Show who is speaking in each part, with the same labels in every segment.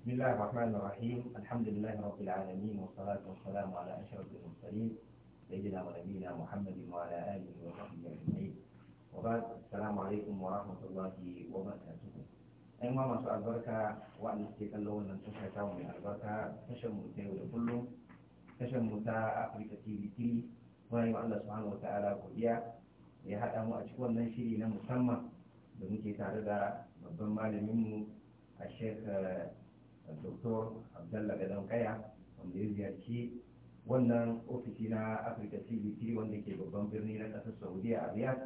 Speaker 1: بسم الله الرحمن الرحيم الحمد لله رب العالمين والصلاة والسلام على أشرف المرسلين سيدنا ونبينا محمد وعلى آله وصحبه أجمعين وبعد السلام عليكم ورحمة الله وبركاته أيما ما شاء البركة وأن استيقن له أن تشهر من البركة تشمل تيوي كله تشمل تا أفريكا تي في تي وأن الله سبحانه وتعالى godiya ya haɗa mu a cikin wannan shiri na musamman da muke tare da babban malaminmu a shekara doktor abdallah gadon kaya wanda ya ziyarci wannan ofishi na afirka cbt wanda ke babban birni na kasar saudiya a riyadh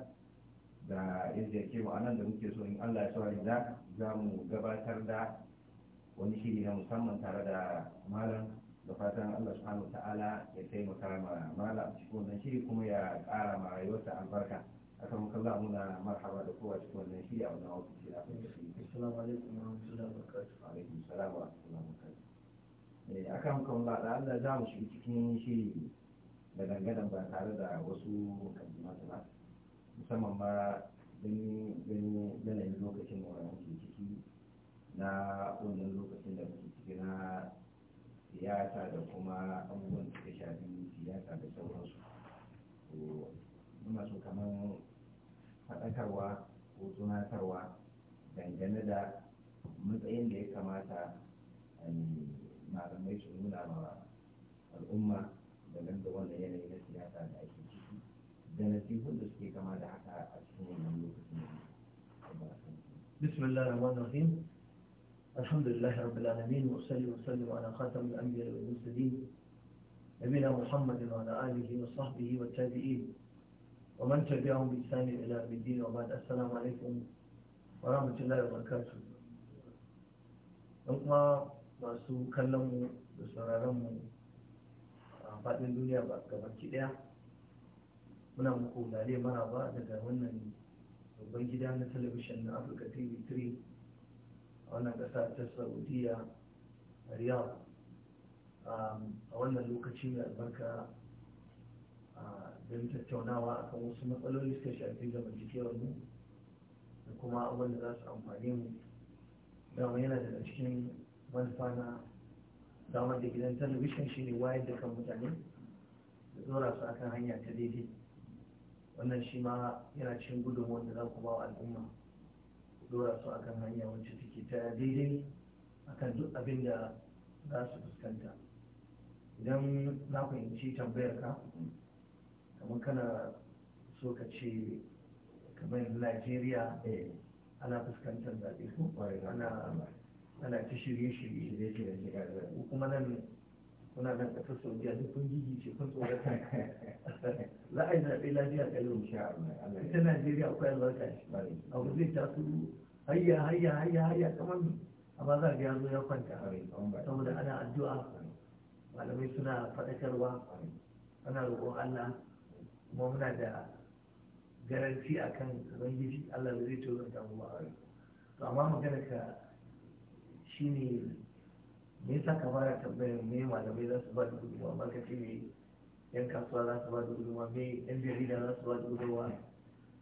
Speaker 1: da ya ziyarci mu anan da muke so in allah ya sa da za mu gabatar da wani shiri na musamman tare da malam da fatan allah subhanahu ta'ala ya taimaka ma malam cikin wannan shiri kuma ya kara ma rayuwarsa albarka akan kalla muna marhaba da kowa cikin wannan shiri a wannan ofishi na afirka Assalamu alaikum wa rahmatullahi wa barakatuh. Alaikum salam wa rahmatullahi wa barakatuh. Eh akan kan ba da Allah za mu shiga cikin shiri da dangadan ba tare da wasu mukaddimatu ba. Musamman ba don ganin yanayin lokacin da wani ke ciki na wannan lokacin da muke ciki na siyasa da kuma abubuwan da suka shafi siyasa da sauransu. Muna so kamar faɗakarwa ko tunatarwa dangane da matsayin da ya kamata malamai su nuna ma al'umma da nan da wannan yanayi na siyasa da ake ciki da nasihun da suke kama da haka a cikin wannan lokacin
Speaker 2: بسم الحمد لله رب العالمين وصلي وسلم على خاتم الأنبياء والمرسلين نبينا محمد وعلى آله وصحبه والتابعين ومن تبعهم بإحسان إلى يوم الدين وبعد السلام عليكم mutum na wa barakatuh don kuma masu kallon mu da sauraron mu a faɗin duniya ba gabaki ɗaya muna muku lale ba daga wannan babban gida na talabishin na afirka tv 3 a wannan ƙasa ta saudiya Riyal, a wannan lokaci mai albarka don tattaunawa akan wasu matsaloli suka shafi zamantakewar mu da kuma abin da za su amfani mu dama yana daga cikin manufa na damar da gidan talabishin shi ne wayar da kan mutane da tsora su akan hanya ta daidai wannan shi ma yana cikin gudunmuwan da za ku ba wa al'umma da dora su akan hanya wacce take ta daidai akan duk abin da za su fuskanta idan na fahimci tambayar ka kamar kana so ka ce kamar najeriya eh, ana fuskantar zaɓe ko ana ta shirye-shirye kuma nan kuna nan kun gigi ce kun za a zaɓe lafiya ita najeriya akwai albarka shi abu zai su hayya hayya hayya hayya kamar ba za zo ya kwanta saboda ana addu'a malamai suna faɗakarwa ana roƙon allah kuma da garanti a kan rangiji allah da zai tozon damu ba to amma magana ka shi ne me yasa ka fara tambayar me malamai za su ba da gudunwa ba ka ce me yan kasuwa za su ba da gudunwa me yan jarida za su ba da gudunwa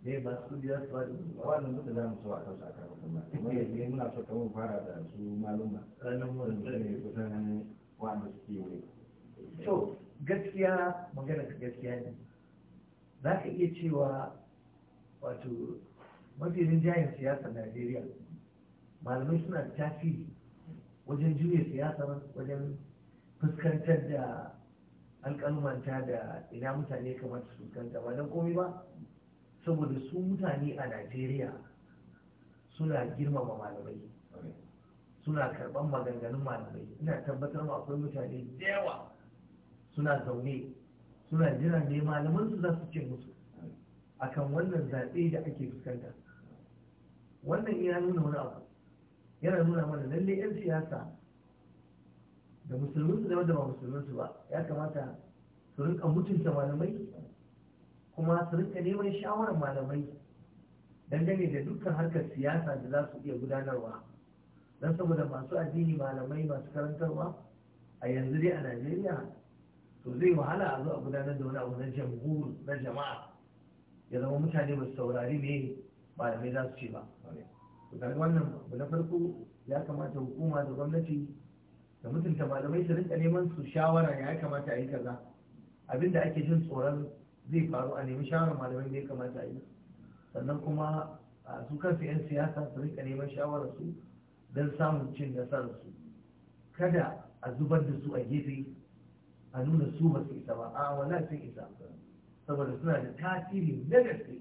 Speaker 2: me ba su
Speaker 1: za su ba da gudunmawa wannan duka za mu so a kan su kuma
Speaker 2: muna
Speaker 1: so kamar fara da su maluma ranar mu da kusan wanda suke wuri
Speaker 2: to gaskiya magana ka gaskiya ne za ka iya cewa wato mafi rinjayen siyasar najeriya malamai suna tasiri wajen juya siyasar wajen fuskantar da alƙalmanta da ina mutane kamar su fuskanta ba don komai ba saboda su mutane a najeriya suna girmama malamai suna karban maganganun malamai ina tabbatar ma akwai mutane da yawa suna zaune suna jira ne malaman su za su ce musu akan wannan zaɓe da ake fuskanta wannan ya nuna wani abu yana nuna mana lalle 'yan siyasa da musulmin da da ba musulmin su ba ya kamata su rinka mutunta malamai kuma su rinka neman shawarar malamai dangane da dukkan harkar siyasa da za su iya gudanarwa don saboda masu addini malamai masu karantarwa a yanzu dai a najeriya to zai wahala a zo a gudanar da wani abu na jamhur na jama'a ya zama mutane ba su saurari ba malamai za su ce ba daga wannan na farko ya kamata hukuma da gwamnati da mutunta malamai su rinka neman su shawara ya kamata a yi kaza abinda ake jin tsoron zai faru a nemi shawarar malamai da ya kamata a yi sannan kuma su kansu 'yan siyasa su rinka neman shawarar su don samun cin nasarar su kada a zubar da su a gefe a nuna su ba su isa ba a wala sun isa saboda suna da tasiri na gaske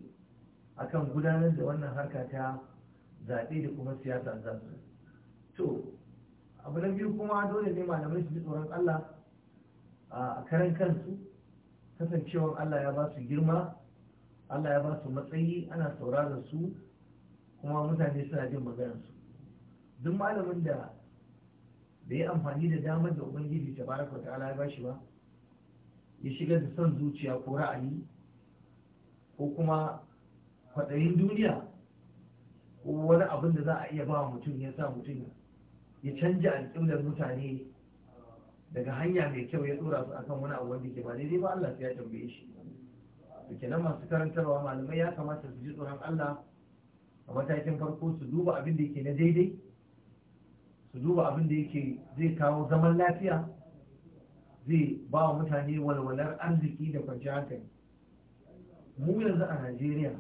Speaker 2: a kan gudanar da wannan harka ta zaɓe da kuma siyasa za su to abu na biyu kuma dole ne malamai su ji tsoron Allah a karan kansu kasancewar Allah ya ba su girma Allah ya ba su matsayi ana saurara su kuma mutane suna jin maganarsu duk malamin da bai yi amfani da damar da ubangiji ta baraka ala ya ba shi ba ya shigar da son zuciya ko ra'ayi ko kuma kwaɗayin duniya ko wani abin da za a iya ba mutum ya sa mutum ya canja alƙiblar mutane daga hanya mai kyau ya tsora su akan wani abu wanda ke ba daidai ba Allah ya tambaye shi to kenan masu karantarwa malamai ya kamata su ji tsoron Allah a matakin farko su duba abin da yake na daidai su duba abin da yake zai kawo zaman lafiya zai ba wa mutane walwalar arziki da kwanciyar mu yanzu a najeriya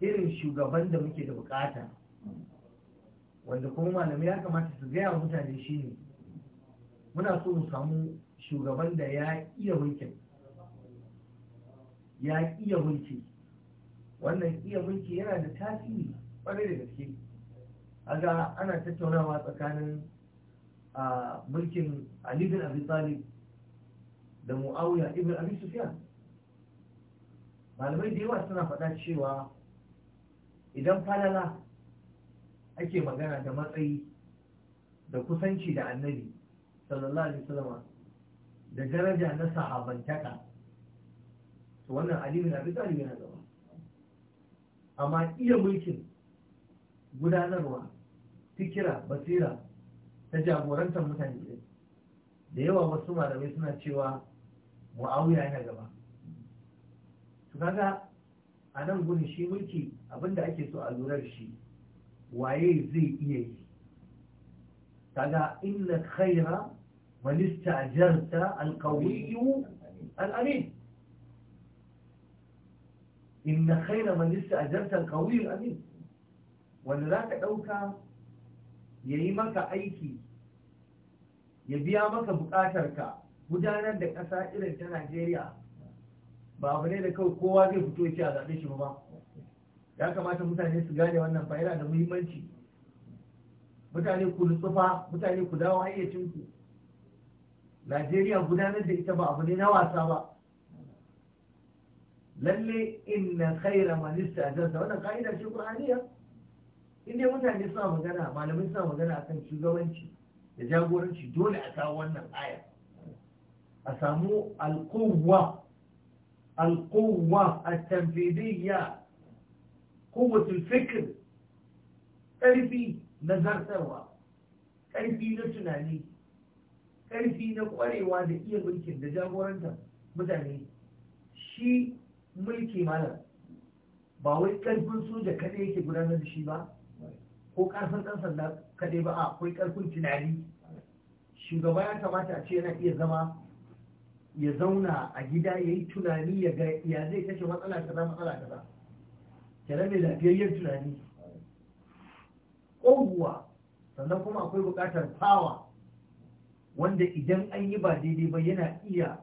Speaker 2: irin shugaban da muke da bukata wanda kuma malamai ya kamata su gaya wa mutane shine muna so mu samu shugaban da ya iya mulki ya iya mulki wannan iya mulki yana da tasiri kwarai da gaske aga ana tattaunawa tsakanin a mulkin Ali bin Abi Talib da Muawiya ibn Abi Sufyan malamai da yawa suna faɗa cewa idan falala ake magana da matsayi da kusanci da annabi sallallahu alaihi wasallam da daraja na sahabantaka to wannan Ali bin Abi Talib yana gaba amma iya mulkin gudanarwa fikira basira ta jagorantar mutane ne da yawa wasu malamai suna cewa mu'awiya yana gaba su kaga a nan gudun shi mulki abinda ake so a lura shi waye zai iya yi kaga inna khaira man istajarta alqawiyyu alamin inna khaira man istajarta alqawiyyu alamin wanda zaka dauka ya yi maka aiki ya biya maka ka gudanar da ƙasa irin ta najeriya ba abu ne da kawai kowa zai fito ya ce a zaɓe shi ba ya kamata mutane su gane wannan fa'ira da muhimmanci mutane ku nutsufa mutane ku dawo hayyacinku najeriya gudanar da ita ba abu ne na wasa ba lalle inna khaira manista a wannan ka'ida ce qur'aniya inda mutane suna magana malamai suna magana akan shugabanci da jagoranci dole a kawo wannan aya a samu alkowa alkowa a ko kowace fikir ƙarfi na zartarwa ƙarfi na tunani ƙarfi na ƙwarewa da iya mulkin da jagorantar mutane shi mulki malam ba wai ƙarfin soja kaɗai yake gudanar da shi ba ko karfin ɗan sanda kaɗai ba a akwai karfin tunani shugaba ya kamata a ce yana iya zama ya zauna a gida ya yi tunani ya ga ya zai kashe matsala kaza matsala kaza tare mai lafiyayyen tunani ƙoguwa sannan kuma akwai buƙatar fawa wanda idan an yi ba daidai ba yana iya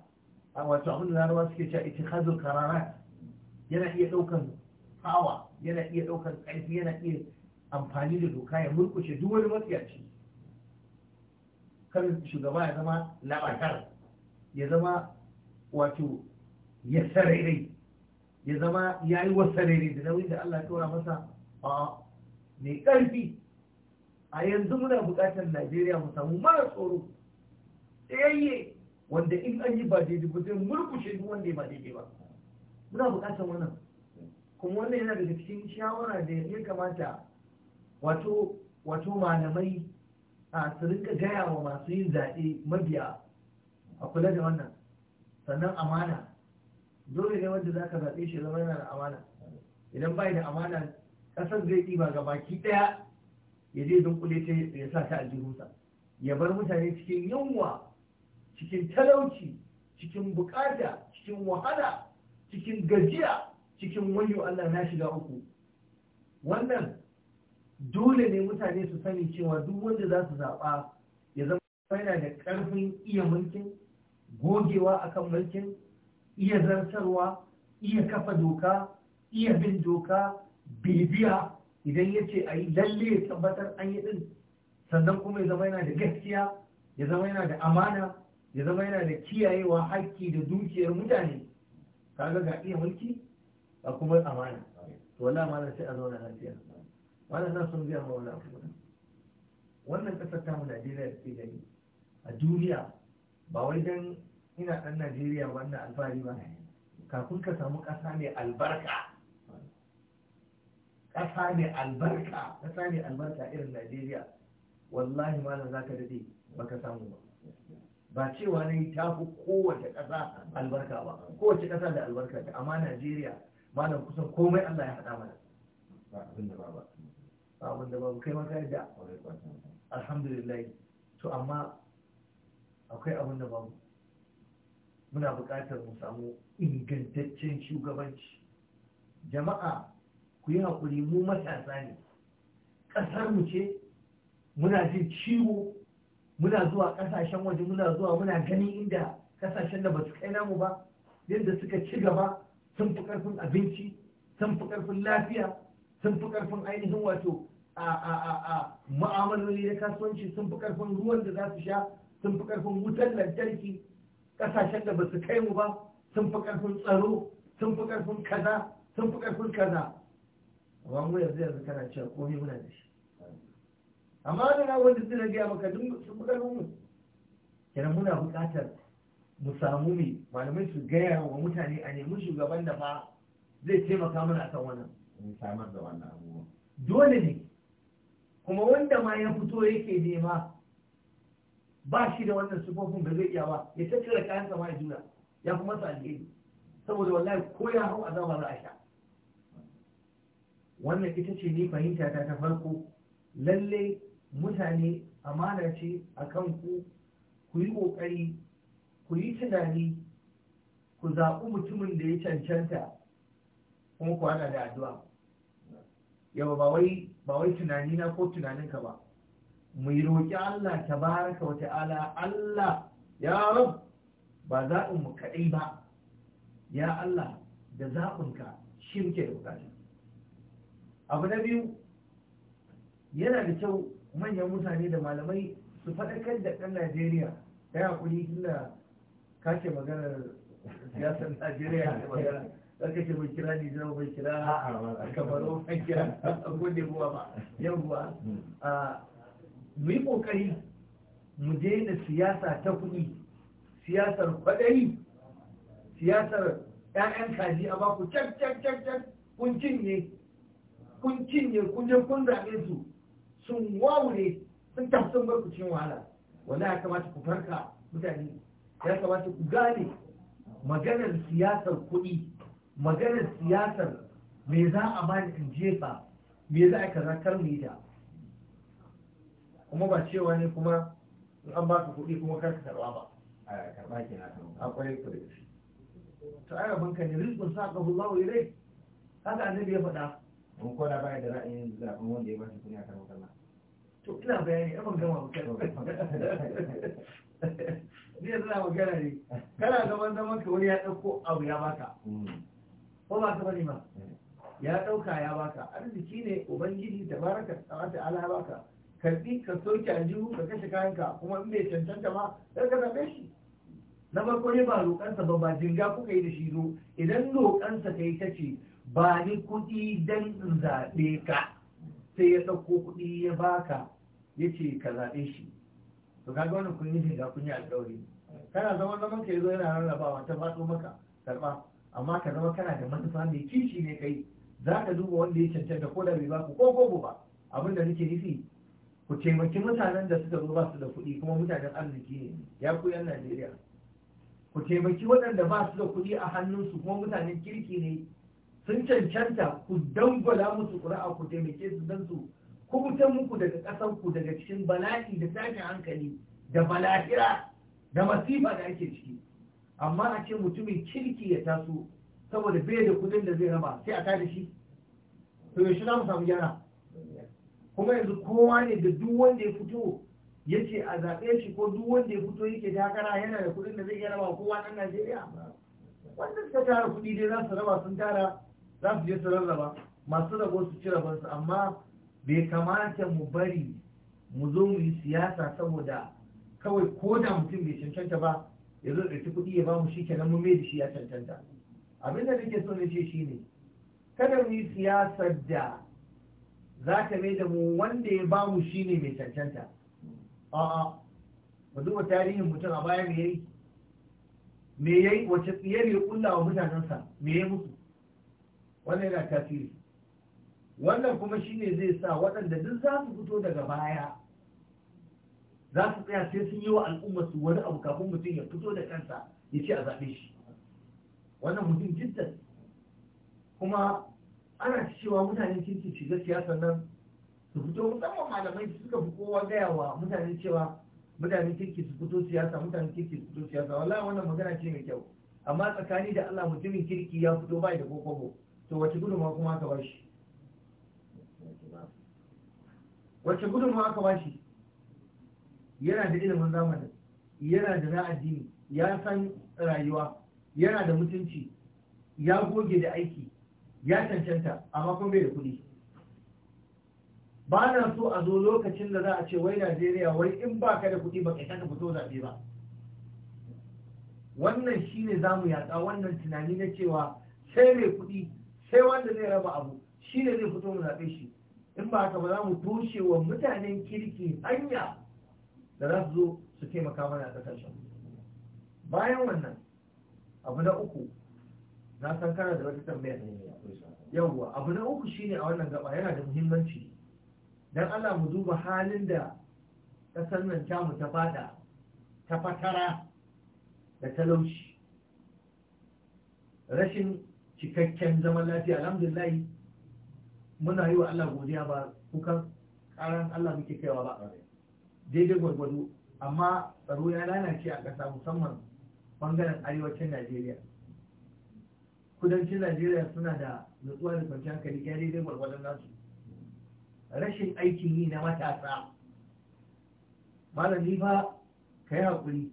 Speaker 2: a wato abin da larawa suke cewa itikhazul qararat yana iya ɗaukan fawa yana iya ɗaukan ƙarfi yana iya amfani da doka ya murkushe duk wani matsiyaci kan shugaba ya zama labatar ya zama wato ya sarere ya zama ya yi wasarere da nauyin da Allah ya tura masa a mai ƙarfi a yanzu muna buƙatar Najeriya mu samu mara tsoro tsayayye wanda in an yi ba daidai ba zai murkushe duk wanda ya ba daidai ba muna buƙatar wannan kuma wannan yana daga cikin shawara da ya kamata wato malamai a su rinka gaya wa masu yin zaɓe mabiya a kula da wannan sannan amana dole ne wanda za ka zaɓe shi zama yana da amana idan bai da amana ƙasar zai ɗiba ga baki ɗaya ya je dunkule ta ya sa ta aljihunsa ya bar mutane cikin yunwa cikin talauci cikin bukata cikin wahala cikin gajiya cikin wayo Allah na shiga uku wannan dole ne mutane su sani cewa duk wanda za su zaɓa ya zama yana da ƙarfin iya mulkin gogewa akan mulkin iya zartarwa iya kafa doka iya bin doka bibiya idan ya ce a yi lalle ya tabbatar an yi ɗin sannan kuma ya zama yana da gaskiya ya zama yana da amana ya zama yana da kiyayewa haƙƙi da dukiyar mutane kaga ga iya mulki a kuma amana to wala amana sai a zauna lafiya waɗannan sun biya ma wani abu wannan ƙasar tamu najeriya da ke gani a duniya ba wai dan ina ɗan najeriya ba alfahari ba kafin ka samu ƙasa ne albarka kasa ne albarka kasa ne albarka irin najeriya wallahi ma za ka dade ba ka samu ba ba cewa ne ta fi kowace ƙasa albarka ba kowace ƙasa da albarka ta amma najeriya malam kusan komai allah ya haɗa mana
Speaker 1: ba abin da ba ba
Speaker 2: abin da babu kai ma yadda alhamdulillah to amma akwai abin da babu muna buƙatar mu samu ingantaccen shugabanci jama'a ku yi haƙuri mu matasa ne ƙasar mu ce muna jin ciwo muna zuwa ƙasashen waje muna zuwa muna gani inda ƙasashen da ba su kai namu ba yadda suka ci gaba sun fi ƙarfin abinci sun fi ƙarfin lafiya sun fi ƙarfin ainihin wato a ma'amaloli da kasuwanci sun fi ƙarfin ruwan da za su sha sun fi ƙarfin wutar lantarki ƙasashen da ba su kai mu ba sun fi ƙarfin tsaro sun fi ƙarfin kaza sun fi karfin kaza amma mu yanzu yanzu kana cewa komai muna da shi amma da na wanda suna gaya maka duk sun fi ƙarfin mu kenan muna buƙatar mu samu mai malamai su gaya wa mutane a nemi shugaban da fa zai taimaka mana a kan wannan in samar da
Speaker 1: wannan abubuwan
Speaker 2: dole ne kuma wanda ma ya fito yake nema ba shi da wannan sufofin ba zai iya ba ya tattara kayan sama ya juna, ya kuma sa alheri saboda wallahi ko ya hau a za a sha wannan ita ce ne fahimta ta ta farko lalle mutane amana ce a kan ku ku yi ƙoƙari ku yi tunani ku zaɓi mutumin da ya cancanta kuma ku hana da addu'a Yau ba wai tunani na ko tunaninka ba mu yi roƙi Allah baraka wa ta'ala Allah ya rab ba in mu kaɗai ba ya Allah da zaɓinka shi muke da bukata abu na biyu yana da kyau manyan mutane da malamai su faɗakar da ɗan Najeriya ta yi haƙuri kake maganar siyasar Najeriya da magana aka ce mai kira ne zama mai kira hmm. a kamaro mai kira a gode buwa ba yawwa mu yi kokari mu daina siyasa ta kuɗi siyasar kwaɗayi siyasar 'ya'yan kaji a baku cak cak cak cak kun cinye kun cinye kun je kun zaɓe su sun wawure sun tafi sun bar ku cikin wahala wallahi ya kamata ku farka mutane ya kamata ku gane maganar siyasar kuɗi maganar siyasar me za a bani in jefa me za a kaza kar mu yi da kuma ba cewa ne kuma in an baka kuɗi kuma kar ka karɓa ba a karɓa ke na akwai kuɗi to ai abin ka ne rizqun saqahu Allahu ilayk haka annabi ya faɗa mun ko da baya da ra'ayin zaɓen wanda ya ba shi kuɗi a karɓa to ina bayani ai ban gama ba ni yanzu na magana ne kana zaman zaman ka wani ya ɗauko abu ya baka hmm. ko ba ka bane ma ya ɗauka ya baka arziki ne ubangiji da baraka ta ala ya baka karbi ka soke aljihu ka kashe kayanka kuma in bai cancanta ma sai ka zaɓe shi na farko ne ba roƙansa ba ba jinga kuka yi da shi zo idan roƙansa ka yi ta ce ba ni kuɗi dan in zaɓe ka sai ya ɗauko kuɗi ya baka ya ce ka zaɓe shi to kaga wannan kun yi jinga kun yi alƙawari kana zaman zaman ka yi zo yana rarrabawa ta faɗo maka karɓa amma ka zama kana da manufa mai kishi ne kai za ka duba wanda ya cancanta ko da bai ba ku ko gobe ba abin da nake nufi ku taimaki mutanen da suka zo ba su da kuɗi kuma mutanen arziki ne ya ku yan Najeriya ku taimaki waɗanda ba su da kuɗi a hannunsu kuma mutanen kirki ne sun cancanta ku dangwala musu ƙuri'a ku taimake su don su kubutan muku daga ƙasar ku daga cikin bala'i da tashin hankali da bala'ira da masifa da ake ciki amma a ce mutumin kirki ya taso saboda bai da kudin da zai raba sai a tada shi to yaushe za mu samu gyara kuma yanzu kowa ne da duk wanda ya fito ya ce a zaɓe shi ko duk wanda ya fito yake takara yana da kudin da zai iya raba kowa nan Najeriya wanda suka tara kuɗi dai za su raba sun tara za su je su rarraba masu rabo su ci su amma bai kamata mu bari mu zo mu yi siyasa saboda kawai ko da mutum bai cancanta ba ya zo kuɗi ya ba mu shi kenan mu mai da shi ya cancanta abin da nake so na ce shi ne kada mu yi siyasar da za ta mai da mu wanda ya ba mu shi ne mai cancanta a'a mu duba tarihin mutum a baya me yayi me yayi wace tsiyar ya kulla wa mutanensa me yayi musu wannan yana tasiri wannan kuma shine zai sa waɗanda duk za su fito daga baya za su tsaya sai sun yi wa al'umma su wani abu kafin mutum ya fito da kansa ya ce a zaɓe shi wannan mutum jiddan kuma ana cewa mutanen kirki shiga siyasar nan su fito musamman malamai su suka fi kowa gaya wa mutanen cewa mutanen kirki su fito siyasa mutanen kirki su fito siyasa wallahi wannan magana ce mai kyau amma tsakani da Allah mutumin kirki ya fito bai da kokobo to wace gudunmawa kuma aka bashi wace gudunmawa aka bashi yana da ilimin zamani yana da na ya san rayuwa yana da mutunci ya goge da aiki ya cancanta amma kuma bai da kuɗi ba na so a zo lokacin da za a ce wai najeriya wai in ba ka da kuɗi ba kai ka fito zaɓe ba wannan shi ne za mu yaƙa wannan tunani na cewa sai mai kuɗi sai wanda zai raba abu shi ne zai fito mu zaɓe shi in ba haka ba za mu toshe wa mutanen kirki hanya da za su zo su taimaka mana a ƙasashen bayan wannan abu na uku na san kana da wata tambaya yawwa abu na uku shine a wannan gaba yana da muhimmanci dan Allah mu duba halin da ƙasar nan mu ta fada ta fatara da talauci rashin cikakken zaman lafiya alhamdulillah muna yi wa Allah godiya ba kukan karan Allah muke kaiwa ba daidai gwargwado amma tsaro ya lalace a ƙasa musamman bangaren arewacin najeriya kudancin najeriya suna da nutsuwa da kwanci hankali ya daidai gwargwadon nasu rashin aikin yi na matasa malam ni fa ka yi haƙuri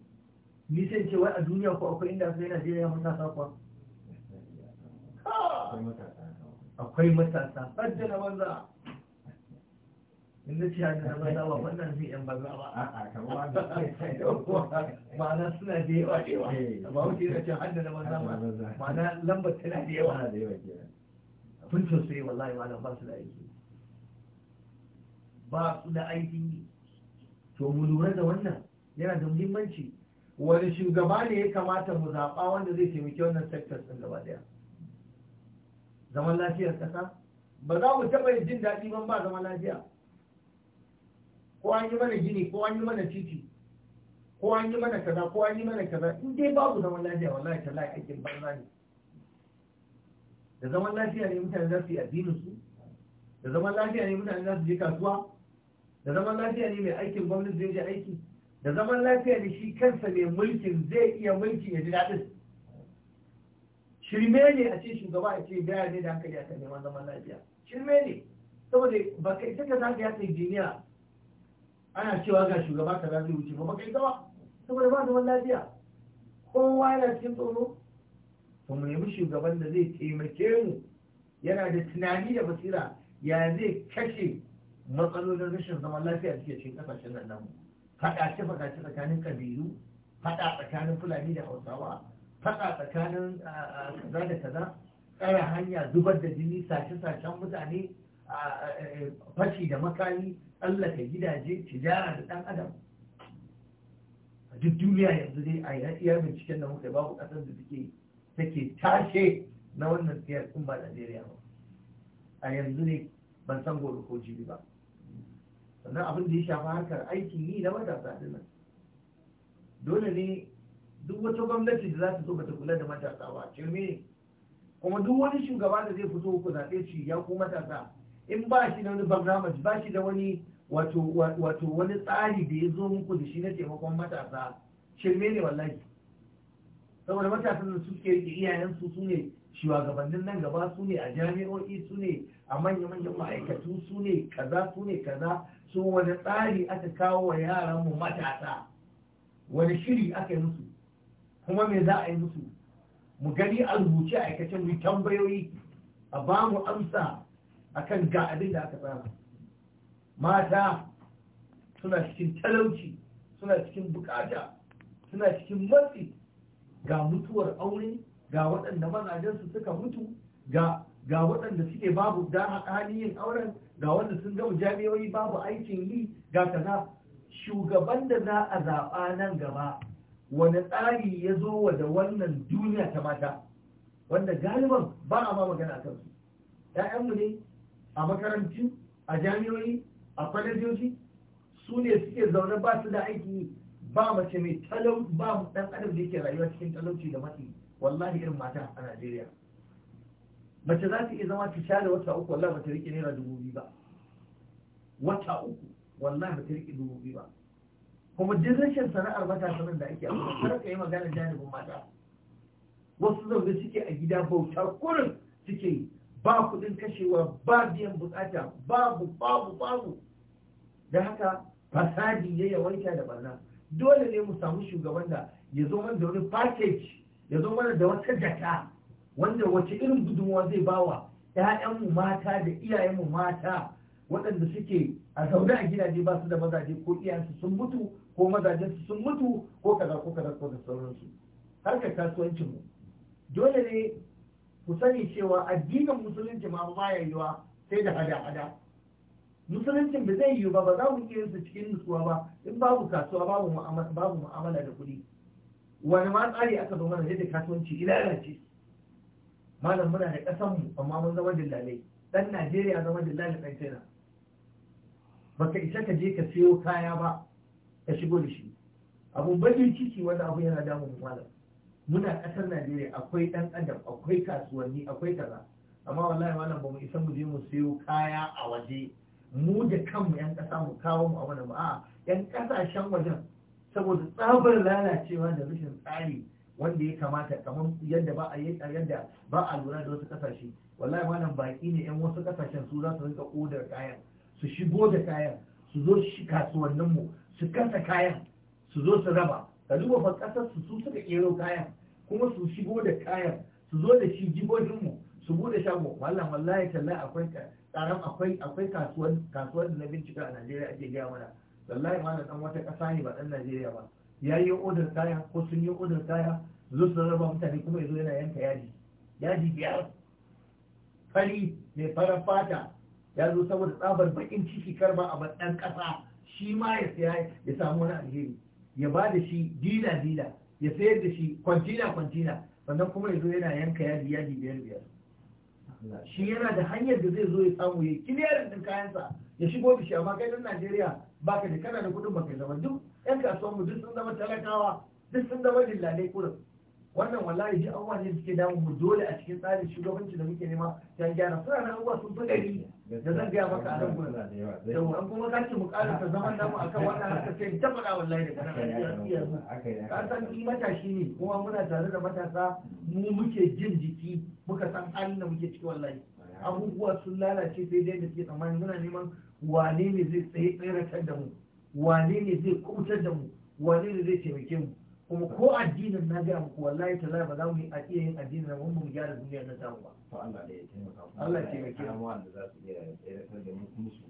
Speaker 2: ni sai wai a duniya ko akwai inda yi najeriya matasa kuwa akwai matasa fadda na banza In ce hannun ba za ba wannan zai yan banza ba a'a kamar ma'ana suna da yawa da yawa eh. ba wuce yana cin na banza ba ma'ana lambar tana da yawa da yawa kun sosai wallahi malam ba su da aiki ba su da aiki to mu lura da wannan yana da muhimmanci wani shugaba ne ya kamata mu zaɓa wanda zai taimaki wannan sektor ɗin gaba ɗaya zaman lafiyar ƙasa ba za mu taɓa jin daɗi ban ba zaman lafiya ko an yi mana gini ko an yi mana titi ko an yi mana kaza ko an yi mana kaza in dai babu zaman lafiya wallahi tallahi aikin banza ne da zaman lafiya ne mutane za su yi addinin su da zaman lafiya ne mutane za su je kasuwa da zaman lafiya ne mai aikin gwamnati zai je aiki da zaman lafiya ne shi kansa mai mulkin zai iya mulki ya ji daɗin shirme ne a ce shugaba a ce gaya ne da hankali a kan neman zaman lafiya shirme ne saboda ba ka ita ka zagaya ta jiniya. ana cewa ga shugaba kaza zai wuce ba kai gawa saboda ba zaman lafiya kowa yana cikin tsoro ba mu nemi shugaban da zai taimake mu yana da tunani da basira ya zai kashe matsalolin rashin zaman lafiya da ke cikin kasashen nan namu faɗa ce tsakanin kabilu faɗa tsakanin fulani da hausawa faɗa tsakanin ah, ah, kaza da kaza tsara hanya zubar da jini sace-sacen mutane fashi da makami ka gidaje tijara da ɗan adam a duk duniya yanzu dai a yi iya binciken da muka babu ƙasar da take take tashe na wannan siyar in ba Najeriya ba a yanzu ne ban san gobe ko jibi ba sannan abin da ya shafa harkar aikin yi na matasa dinnan dole ne duk wata gwamnati da za ta zo ba ta kula da matasa ba ce kuma duk wani shugaba da zai fito ku zaɓe shi ya ku matasa in ba shi da wani barnamaj ba shi da wani wato wani tsari da ya zo muku da shi na taimakon matasa shirme ne wallahi saboda matasan da suke rike iyayensu su ne shugabannin nan gaba su ne a jami'o'i su ne a manya-manyan ma'aikatu su ne kaza su ne kaza su wani tsari aka kawo wa yaran mu matasa wani shiri aka yi musu kuma me za a yi musu mu gani a rubuce aikace mu tambayoyi a ba mu amsa akan ga abin da aka samu mata suna cikin talauci suna cikin bukata suna cikin matsi ga mutuwar aure ga waɗanda mazajensu suka mutu ga waɗanda suke babu dama hali yin auren ga wanda sun gama jami'o'i babu aikin yi ga kaza shugaban da za a zaɓa nan gaba wani tsari ya zo wa da wannan duniya ta mata wanda galiban ba a ma magana a kansu ‘ya'yanmu ne a makarantu a jami'o'i a kwalejoji su ne suke zaune ba su da aiki ba mace mai talau ba dan adam da yake rayuwa cikin talauci da matsi wallahi irin mata a Najeriya mace za ta iya zama ta share wata uku wallahi ba ta rike naira dubu biyu ba wata uku wallahi ba ta rike dubu biyu ba kuma duk rashin sana'ar matasa nan da ake amma kar ka yi magana janibin mata wasu zaune suke a gida bautar kurin suke yi ba kudin kashewa ba biyan bukata babu babu babu da haka fasadi ya yawaita da barna dole ne mu samu shugaban da ya zo mana wani package ya zo mana da wata jaka wanda wace irin gudunmawa zai bawa ‘ya'yanmu mata da iyayenmu mata waɗanda suke a zaune a gidaje ba su da mazaje ko iyayensu sun mutu ko mazajensu sun mutu ko kaza ko kaza ko da sauransu harkar kasuwancinmu dole ne ku sani cewa addinin musulunci ma ba ya yiwa sai da hada-hada musuluncin ba zai yiwu ba ba za mu iya su cikin nutsuwa ba in babu kasuwa babu ma'amala da kuɗi wani ma tsari aka zo mana da kasuwanci ilalace malam muna da ƙasanmu amma mun zama dillalai ɗan najeriya zama dillalai ɗan china ba ka isa ka je ka siyo kaya ba ka shigo da shi abun bakin ciki wanda abu yana damun malam muna ƙasar najeriya akwai ɗan adam akwai kasuwanni akwai kaza amma wallahi wannan ba mu isa mu je mu sayo kaya a waje mu da kanmu yan ƙasa mu kawo mu a wani ba a yan ƙasashen wajen saboda tsabar lalacewa da rashin tsari wanda ya kamata kamar yadda ba a yadda ba a lura da wasu kasashe wallahi wannan baki ne yan wasu kasashen su za su rinka odar kayan su shigo da kayan su zo shi kasuwanninmu su kasa kayan su zo su raba ka duba fa kasar su su suka kero kayan kuma su shigo da kayan su zo da shi jibojin mu su bude shago wallahi wallahi tallahi akwai tsaron akwai akwai kasuwar kasuwar da na bincika a Najeriya ake gaya mana wallahi ma dan wata kasa ne ba dan Najeriya ba ya yi kaya ko sun yi order kaya zo su raba mutane kuma yazo yana yanka yaji yaji biyar fari mai fara fata ya zo saboda tsabar bakin ciki karba a ban ɗan kasa shi ma ya saya ya samu wani alheri ya ba da shi dila dila ya sayar da shi kwantina kwantina sannan kuma ya zo yana yanka yadi yadi biyar biyar shi yana da hanyar da zai zo ya samu ya kiliyar da kayansa ya shigo da shi amma kai dan Najeriya baka da kana da kudin baka zama duk yan kasuwar mu duk sun zama talakawa duk sun zama dillalai kurin wannan wallahi ji abubuwa ne suke damu mu dole a cikin tsarin shugabanci da muke nema ta gyara suna na abubuwa sun fi gari da zan gaya maka a nan gurin da an kuma ka ce mukalar ta zaman namu akan wannan haka sai ta faɗa wallahi da kana ka san ni matashi ne kuma muna tare da matasa mu muke jin jiki muka san halin da muke ciki wallahi abubuwa sun lalace sai dai da ke tsammani muna neman wane ne zai tsaye tsayar da mu wane ne zai kubutar da mu wane ne zai taimake mu kuma ko addinin na gaya muku wallahi ta ba za mu yi a iya yin addinin na mun gyara duniya na samu ba to Allah da ya taimaka mu Allah ya taimake mu wanda za
Speaker 1: su iya tsayar da mu musu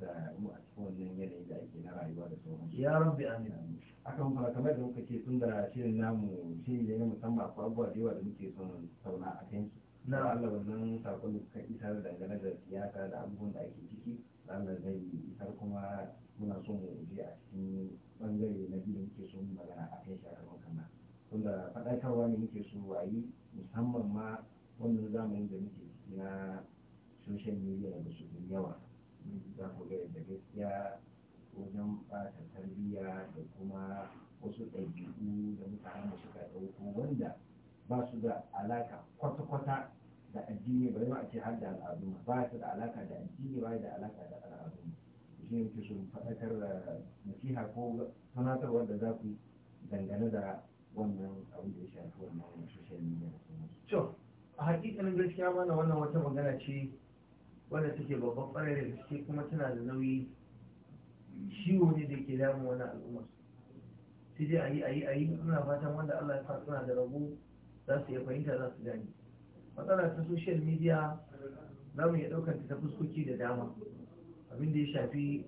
Speaker 1: da mu a cikin wannan yanayi da ake na rayuwa da sauran ya rabbi amin aka kuma kamar da muka ce tun da shirin namu shi ne na musamman akwai abubuwa da yawa da muke son sauna a kan na Allah wannan sakon da isa isar dangane da siyasa da abubuwan da ake ciki da zai har kuma muna son mu je a cikin bangare na biyu da muke so mu magana a kai sharar makana tunda faɗakarwa ne muke so a yi musamman ma wannan zamanin da muke ciki na social media da su yawa za ku ga yadda gaskiya wajen ɓata tarbiyya da kuma wasu ɗabi'u da mutane suka ɗauko wanda ba su da alaka kwata-kwata da addini ba zama a ce har da al'adu ba ta da alaka da addini ba da alaka da al'adu shi ne ke sun faɗakar da nasiha ko sanatarwar wanda za ku dangane da wannan abin da ya shafi wannan social media
Speaker 2: to a hakikanin gaskiya mana wannan wata magana ce wanda take babban ɓarare da suke kuma tana da nauyi ciwo ne da ke damun wani al'umma sai dai a yi a yi a yi muna fatan wanda Allah ya sa suna da rabu za su iya fahimta za su gani matsala ta social media za mu iya ɗaukar ta fuskoki da dama Abinda ya shafi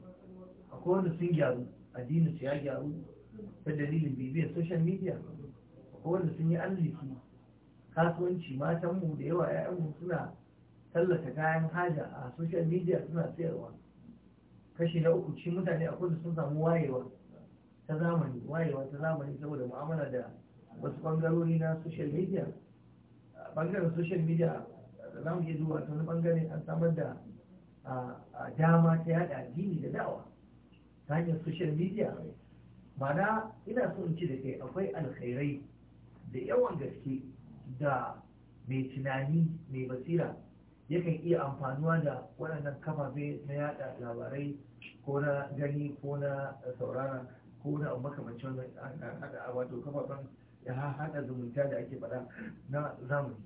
Speaker 2: akwai wanda sun gyaru addinin su ya gyaru ta dalilin bibiyar social media akwai wanda sun yi arziki kasuwanci matanmu da yawa 'ya'yanmu suna tallata kayan haja a social media suna sayarwa kashi na uku ci mutane akwai da sun samu wayewa ta zamani wayewa ta zamani saboda mu'amala da wasu bangarori na social media bangaren social media da za mu iya zuwa ta wani bangare an samar da dama ta yada addini da dawa. ta hanyar social media mana ina so in ci da kai akwai alkhairai da yawan gaske da mai tunani mai basira yakan iya amfanuwa da waɗannan kafafe na yada labarai ko na gani ko na saurara ko na makamancin wato kafafen ya haɗa zumunta da ake faɗa na zamani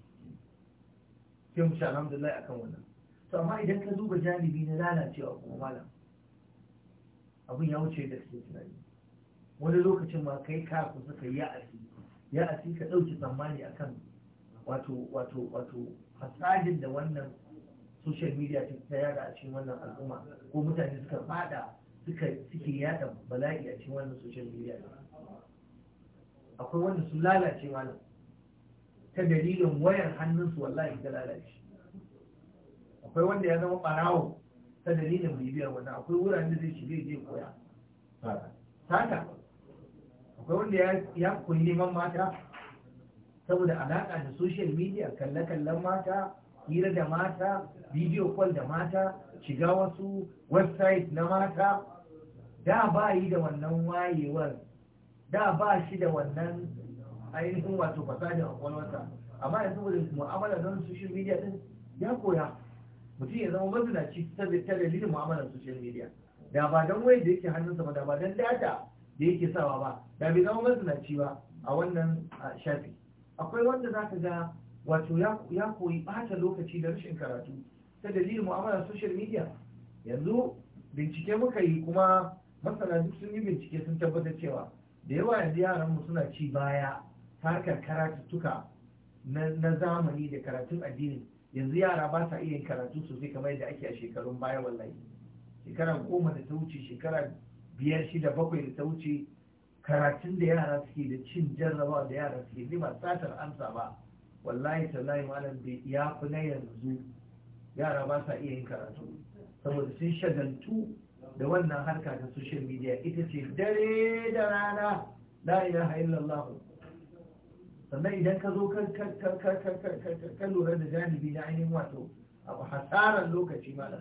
Speaker 2: sai mu sha alhamdulillah akan wannan to amma idan ka duba janibi na lalacewa kuma malam abin ya wuce da suke tunani wani lokacin ma kai kafin suka yi ya'asi ya'asi ka ɗauki tsammani akan wato wato wato da wannan social media ta yada a cikin wannan al'umma ko mutane suka fada suka suke yada bala'i a cikin wannan social media akwai wanda su lalace malam ta dalilin wayar hannunsu wallahi ta lalace akwai wanda ya zama barawo ta dalilin bibiyar wanda akwai wuraren da zai shi zai je koya sata akwai wanda ya koyi neman mata saboda alaƙa da social media kalle-kallen mata hira da mata video call da mata shiga wasu website na mata da ba yi da wannan wayewar da ba shi da wannan ainihin wato fasahin kwakwalwarsa amma yanzu wurin mu'amala don social media din ya koya mutum ya zama mazinaci ta dalilin mu'amalar social media da ba don wai da yake hannunsa ba da ba don data da yake sawa ba da bai zama mazinaci ba a wannan shafi akwai wanda za ka ga wato ya koyi bata lokaci da rashin karatu ta dalilin mu'amalar social media yanzu bincike muka yi kuma masana duk sun yi bincike sun tabbatar cewa da yawa yanzu yaran mu suna ci baya harkar karatuttuka na zamani da karatun addini yanzu yara ba sa iya karatu sosai kamar yadda ake a shekarun baya wallahi shekara goma da ta wuce shekara biyar shida bakwai da ta wuce karatun da yara suke da cin jarrabawa da yara suke ne ba satar amsa ba wallahi tallahi malam bai ya fi na yanzu yara ba sa iya yin karatu saboda sun shagantu da wannan harka ta social media ita ce dare da rana la ilaha illallah sannan idan ka zo ka lura da janibi na ainihin wato abu hasaran lokaci malam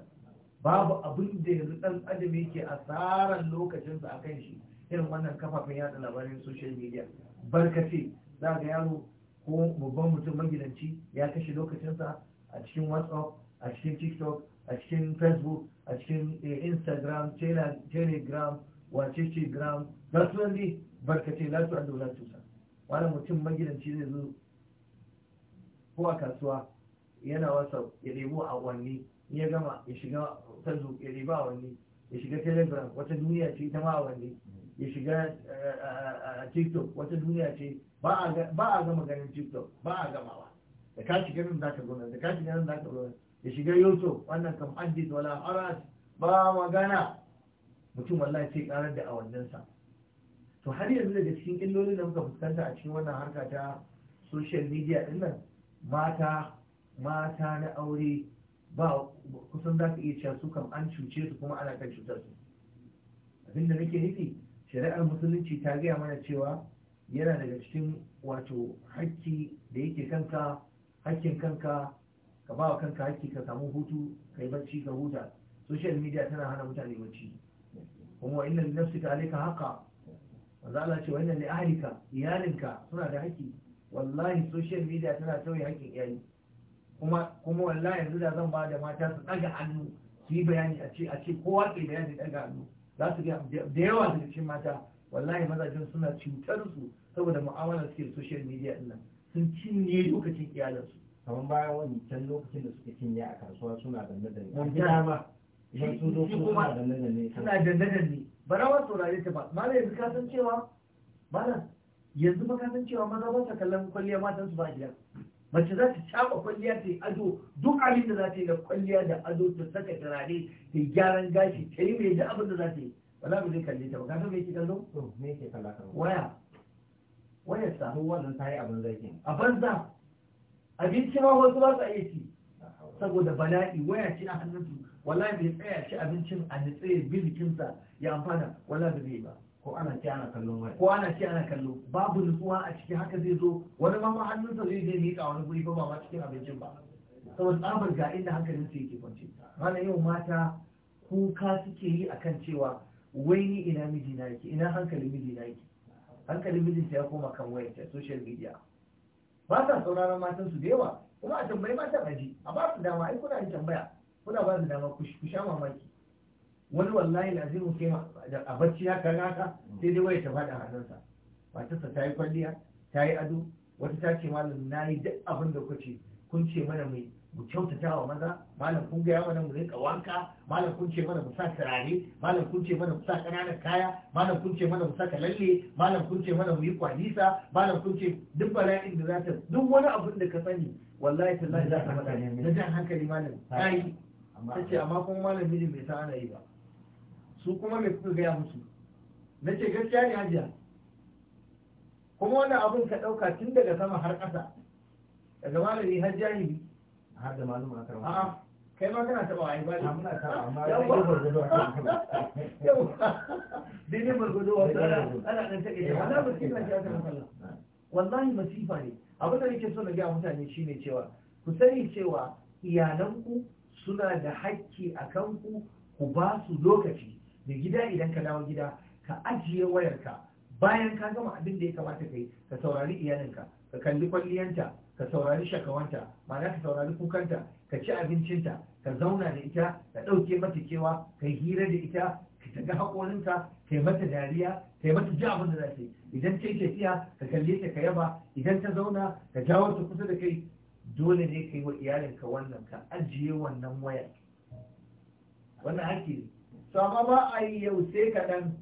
Speaker 2: babu abin da yanzu dan adam yake asaran lokacinsa a kan shi irin wannan kafafen yada labarin social media barkace za ga yaro ko babban mutum magidanci ya kashe lokacinsa a cikin whatsapp a cikin tiktok a cikin facebook a cikin eh, instagram telegram ce gram za su nan dai barkace latu an daula tusa wani mutum magidanci zai zo ko a kasuwa yana wasa ya ɗebo a wani ya gama ya shiga tanzu ya ɗebo a wani ya shiga telegram wata duniya ce ta ma a ya shiga a eh, eh, tiktok wata duniya ce ba a gama ganin tiktok ba a gamawa da ka shiga nan za ka gona da ka shiga nan za ka gona ya shiga yusuf wannan kam addis wala aras ba magana mutum wallahi sai karar da awanninsa to har yanzu daga cikin illolin da muka fuskanta a cikin wannan harka ta social media din nan mata mata na aure ba kusan za ka iya cewa su kam an cuce su kuma ana kan cutar su abinda nake nufi shari'ar musulunci ta gaya mana cewa yana daga cikin wato hakki da yake kanka hakkin kanka ka ba wa kanka hakki ka samu hutu ka yi bacci ka huta social media tana hana mutane bacci kuma wa inna nafsika alayka haqqa manzo Allah ce wa inna li ahlika iyalinka suna da haƙƙi wallahi social media tana tauye haƙƙin iyali kuma kuma wallahi yanzu da zan ba da mata su daga hannu su yi bayani a ce a ce kowa ke bayani daga hannu za su da yawa daga cikin mata wallahi mazajen suna cutar su saboda mu'amalar suke social media din nan sun cinye lokacin iyalansu kamar bayan wani can lokacin da suka cinye a kasuwa suna danne danne gida ma idan sun zo kuma suna danne danne suna danne danne ba na wasu saurare ta ba da yanzu ka san cewa malam yanzu ba ka san cewa maza ba ta kallon kwalliya matan su ba gida mace za ta shafa kwalliya ta yi ado duk abin da za ta yi na kwalliya da ado ta saka turare ta yi gyaran gashi ta yi mai da abin da za ta yi ba za mu zai kalle ta ba ka san me yake kallo me yake kalla waya wayar sa wannan ta yi abin zai a banza abinci ma wasu ba sa iya ci saboda bala'i waya ce a hannunsu wala bai tsaya ci abincin a nitsaye bilikinsa ya amfana Wala da zai ba ko ana ci ana kallon waya ko ana ci ana kallo babu nutsuwa a ciki haka zai zo wani ma hannunsa zai je miƙa wani guri ba ma cikin abincin ba saboda tsabar ga inda hankalin su yake kwance mana yau mata kuka suke yi akan cewa wai ni ina miji na yake ina hankalin miji na yake hankalin mijinta ya koma kan ta social media ba sa sauraron matan su da yawa kuma a tambayi matan aji a ba su dama ai kuna yin tambaya kuna ba su dama ku sha mamaki wani wallahi na lazimu sai a bacci haka haka sai dai waya ta faɗa hannunsa matarsa ta yi kwalliya ta yi ado wata ta ce malam na yi duk abin da kuke kun ce mana mai mu kyautata wa maza malam kun gaya mana mu rinka wanka malam kun ce mana mu sa turare malam kun ce mana mu sa ƙananan kaya malam kun ce mana mu saka lalle malam kun ce mana mu yi kwalisa malam kun ce duk bala'in da za ta duk wani abu da ka sani wallahi tallahi za ta faɗa Na jan hankali malam tayi ta ce amma kuma malam mijin bai san ana yi ba su kuma me kuka gaya musu na ce gaskiya ne hajiya kuma wannan abin ka ɗauka tun daga sama har ƙasa daga malami har har da maluma karwa a'a kai ma kana taba wani bari amma ta amma ya ba gurgudu a kan yau dai gurgudu eh, a kan ana nan take da wannan masifa ce aka masa wallahi masifa ne abin da nake so na ga mutane shine cewa ku sani cewa iyalanku suna da hakki a kanku ku ba su lokaci da gida idan ka dawo gida ka ajiye wayarka bayan ka gama abin da ya kamata kai ka saurari iyalinka ka kalli kwalliyanta ka saurari shakawanta mana ka saurari kukanta ka ci abincinta ka zauna da ita ka ɗauke mata kewa ka hira da ita ka ga haƙorinta ka mata dariya ka mata ji abin da za ta yi idan ta yi tafiya ka kalle ta ka yaba idan ta zauna ka jawo ta kusa da kai dole ne ka yi wa iyalinka wannan ka ajiye wannan waya wannan haƙƙi ne to amma ba a yi yau sai kaɗan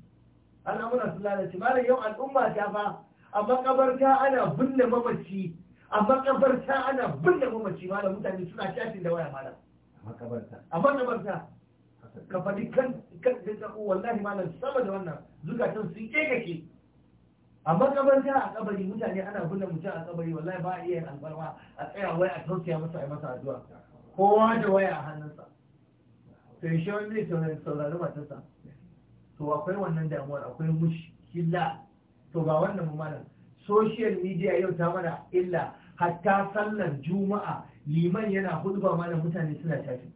Speaker 2: al'amuran su lalace malam yau al'umma ta fa a makabarta ana binne mamaci a makabarta ana binne mamaci malam mutane suna shafi da waya malam a makabarta a ka faɗi kan kan wallahi malam sama da wannan zukatan sun ke. a makabarta a kabari mutane ana binne mutum a kabari wallahi ba a iya yin alfarma a tsaya wai a tausaya masa a masa addu'a kowa da waya a hannunsa to shi wani zai saurari matarsa to akwai wannan damuwar akwai mushkila to ba wannan mu malam social media yau ta mana illa hatta sallar juma'a liman yana hudba mana mutane suna tafi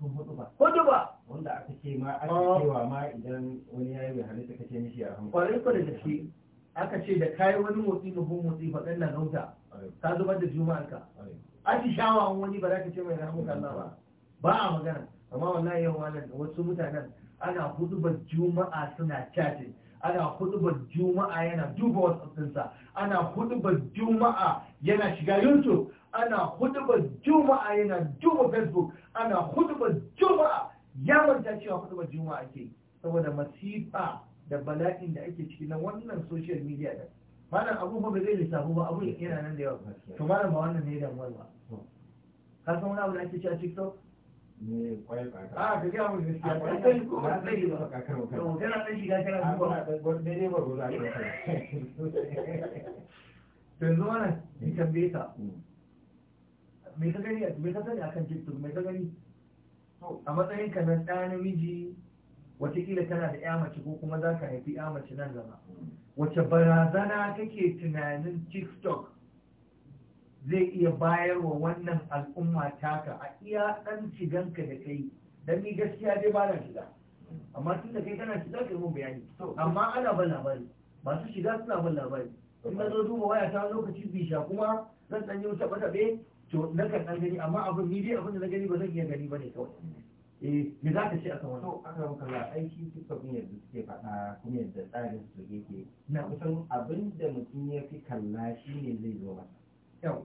Speaker 2: hudba wanda aka ce ma aka ah. cewa ma idan wani ya yi halitta ka ce mishi a hankali kwarai kwa da ke aka ce da kayi wani motsi nufin motsi faɗin na nauta ka zubar da juma'arka atishawa wani ba za ka ce mai rahamuka Allah ba ba a magana amma wallahi yawan wasu mutanen ana hudubar juma'a suna chatting ana hudubar juma'a yana duba wasansa ana hudubar juma'a yana shiga youtube ana hudubar juma'a yana duba facebook ana hudubar juma'a ya manta cewa hudubar juma'a ke saboda masifa da bala'in da ake ciki na wannan social media da mana abubuwan ba zai lissafu ba abu yana nan da yawa to mana ba wannan ne damuwar ba ka san wani abu da ake cewa tiktok a ka gaya mun gaskiya ba sai ba ba kana sai shiga kana duba ba ruwa ka to yanzu mm. me me gani a matsayin ka namiji watakila kana da ya mace ko kuma za ka haifi ya mace nan gaba mm. wace barazana kake tunanin tiktok zai iya bayarwa wannan al'umma taka a iya ɗan shiganka da kai don ni gaskiya dai ba na shiga amma tun da kai kana shiga kai mun bayani amma ana ban labari masu shiga suna ban labari in na zo duba waya ta lokaci bisha kuma zan ɗan yi wuta taɓe to na kan ɗan gani amma abin ni dai abin da na gani ba zan iya gani ba ne kawai eh me za ka ce a kan wani to an gama kaza aiki suka kun
Speaker 1: yanzu suke faɗa kuma yadda tsarin su yake na kusan abin da mutum ya fi kalla shi ne zai zo masa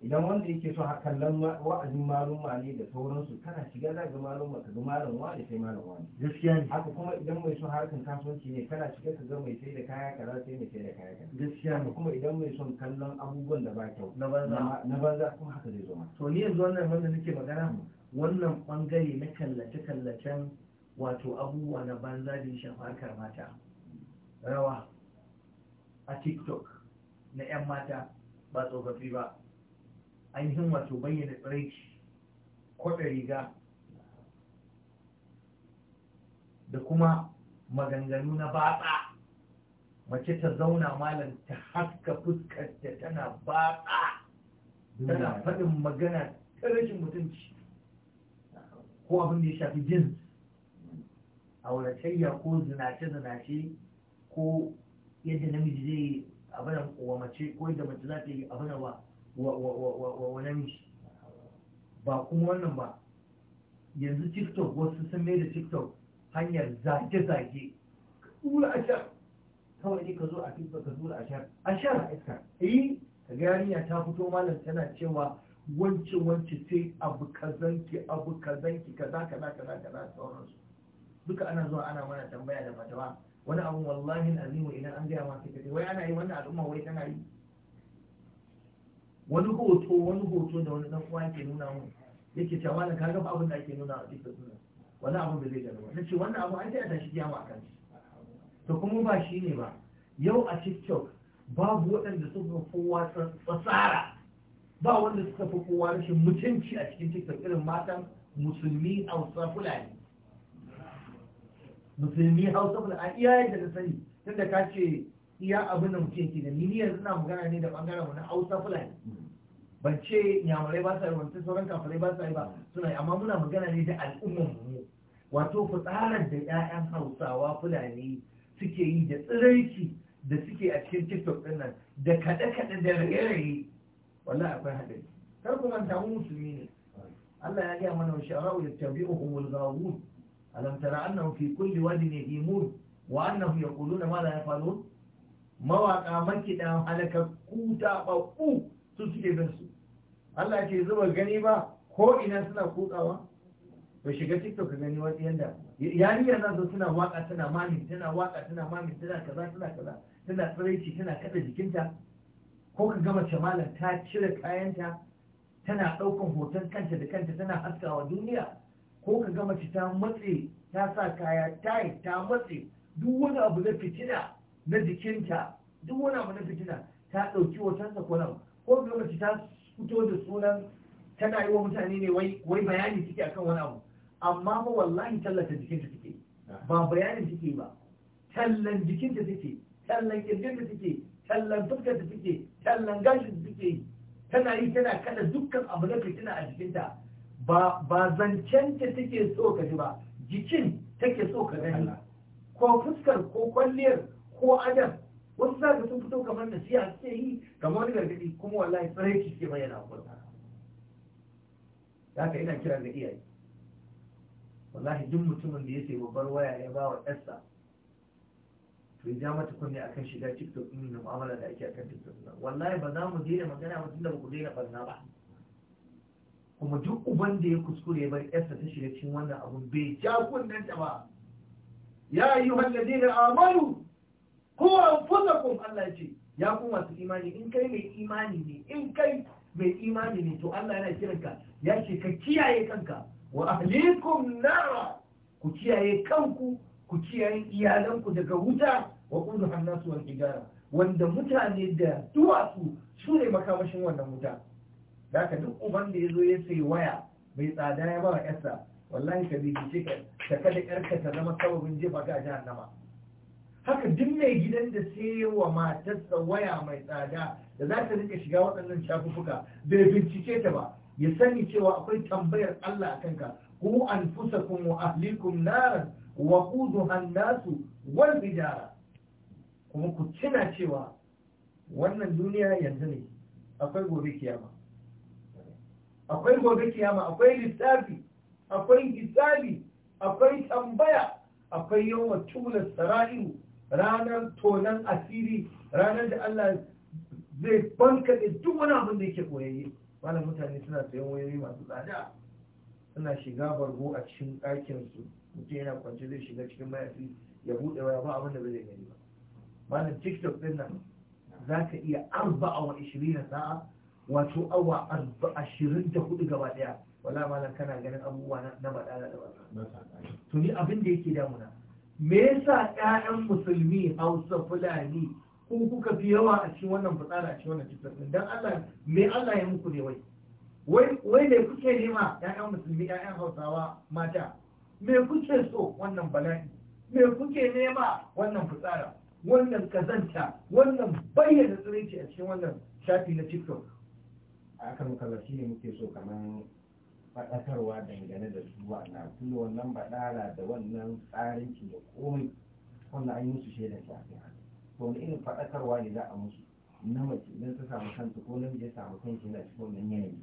Speaker 1: idan wanda yake so kallon wa'azin malum ne da sauransu kana shiga za ga malum ka ga malam wani sai malam wani gaskiya ne haka kuma idan mai so harkan kasuwanci ne kana shiga ka ga mai sai da
Speaker 2: kaya kaza sai mai sai da kaya kaza gaskiya ne kuma idan mai son kallon abubuwan da ba kyau na banza na banza kuma haka zai zo ma to ni yanzu wannan wanda nake magana wannan bangare na kallace kallacen wato abubuwa na banza da ya harkar mata rawa a tiktok na 'yan mata ba tsofaffi ba ainihin wato bayyana tsiraici kwaɗa riga da kuma maganganu na batsa mace ta zauna malam ta haska fuskarta tana batsa tana faɗin magana ta rashin mutunci ko abin da ya shafi jin auratayya ko zinace-zinace ko yadda namiji zai yi abin wa mace ko yadda mace za ta yi abin ba wa namiji ba kuma wannan ba yanzu tiktok wasu sun mai da tiktok hanyar zage-zage ka tura ashar kawai ne ka zo a tiktok ka tura ashar ashar a iska yi eh, ka yarinya ta fito malam tana cewa wance wance sai abu kazanki abu kazanki kaza kaza kaza na sauransu duka ana zuwa ana mana tambaya da fatawa wani abu wallahi azimu idan an gaya ma sai wai ana yi wannan al'umma wai tana yi wani hoto wani hoto da wani dan uwa yake nuna mu yake cewa wannan kaga ba abin da ake nuna a cikin suna wani abin da zai gano ba nace wannan abu an sai a tashi kiyama a kan to kuma ba shi ne ba yau a TikTok babu waɗanda suka kowa tsara ba wanda suka fi kowa rashin mutunci a cikin TikTok irin matan musulmi Hausa Fulani musulmi Hausa Fulani a iya yadda na sani tunda ka ce iya abin da mutum ke da ni yanzu na magana ne da bangaren wani Hausa Fulani hmm. ban ce nyamurai ba sa yi wani sauran kafirai ba sa yi ba suna amma muna magana ne da al'ummar mu wato fitsarar da 'ya'yan Hausawa Fulani suke yi da tsiraici da suke a cikin TikTok din nan da kaɗe-kaɗe da raye-raye wallahi akwai haɗari kar ku manta mu musulmi ne Allah ya gaya mana shara'u yattabi'uhumul ghawun alam tara annahu fi kulli wadin yahimun wa annahu yaquluna ma la yafalun mawaka makiɗa halaka kuta ɓaɓɓu su suke bin su Allah ce zuba gani ba ko ina suna kutsawa ba shiga tiktok ka gani wani yanda yariya za su suna waka tana mamin tana waka tana mamin tana kaza tana kaza tana tsiraici tana kada jikinta ko ka gama malam ta cire kayanta tana ɗaukan hoton kanta da kanta tana haskawa duniya ko ka gama ta matse ta sa kaya tayi ta matse duk wani abu na fitina na jikinta duk wani abu na fitina ta ɗauki hotonsa ko nan ko lokaci ta fito da sunan tana yi wa mutane ne wai bayani take akan wani abu amma ba wallahi tallata jikinta take ba bayanin take ba tallan jikinta take tallan kirjinta take tallan fuskarta take tallan gashin take tana yi tana kada dukkan abu na fitina a jikinta ba ba zancen ta take so ka ji ba jikin take so ka gani ko fuskar ko kwalliyar ko adam wasu za ka sun fito kamar siya suke yi kamar wani gargadi kuma wallahi tsaraici suke bayyana a Za ka ina kira ga iyaye wallahi duk mutumin da ya ce babbar waya ya ba wa ɗansa to ya ja mata kunne akan shiga tiktok ɗin da mu'amala da ake akan tiktok ɗin wallahi ba za mu daina magana ba tunda ba ku daina barna ba kuma duk uban da ya kuskure ya bar ƴarsa ta shiga cikin wannan abu bai ja kunnen ta ba
Speaker 1: يا ayyuhal
Speaker 2: الذين amanu ko anfusakum Allah ya ce ya ku masu imani in kai mai imani ne in kai mai imani ne to Allah yana kiranka ya ce ka kiyaye kanka wa ahlikum nara ku kiyaye kanku ku kiyaye iyalanku daga wuta wa kullu hannasu wal hijara wanda mutane da duwatsu su ne makamashin wannan wuta da ka duk uban da ya zo ya sai waya mai tsada ya ba wa yarsa wallahi ka bibice ka ta kada yarka ta zama sababin jefa ga jahannama haka duk mai gidan da sai wa matarsa waya mai tsada da za ta rika shiga waɗannan shafuffuka bai bincike ta ba ya sani cewa akwai tambayar Allah a kanka ku anfusakum wa ahlikum naran wa quduha an-nasu wal bijara kuma ku tuna cewa wannan duniya yanzu ne akwai gobe kiyama akwai gobe kiyama akwai lissafi akwai hisabi akwai tambaya akwai yawan tula sara'iru ranar tonan asiri ranar da Allah zai banka da duk wani abin da yake koyayye malam mutane suna sayan wayoyi masu tsada suna shiga bargo a cikin ɗakin su mutum yana kwance zai shiga cikin mayafi ya buɗe waya ba abin da zai gani ba malam tiktok ɗin nan za ka iya arba awa ishirin sa'a wato awa ashirin da hudu gaba ɗaya wala malam kana ganin abubuwa na baɗala da wasa to ni abin da yake damuna me yasa ƴaƴan musulmi hausa fulani ko kuka fi yawa a cikin wannan fitsara a cikin wannan fitsara dan Allah me Allah ya muku ne wai wai wai ne kuke nema ƴaƴan musulmi ƴaƴan hausawa mata me kuke so wannan bala'i me kuke nema wannan fitsara wannan kazanta wannan bayyana tsiraici a cikin wannan shafi na tiktok a
Speaker 1: kan kalar shi ne muke so kamar faɗakarwa dangane da su wa'ana tunda wannan baɗala da wannan tsarin ki da komai wannan an yi musu shaidar shi a kai haka to wani irin faɗakarwa ne za a musu na mace idan ta samu kanta ko namiji ya samu kanta yana cikin wannan yanayi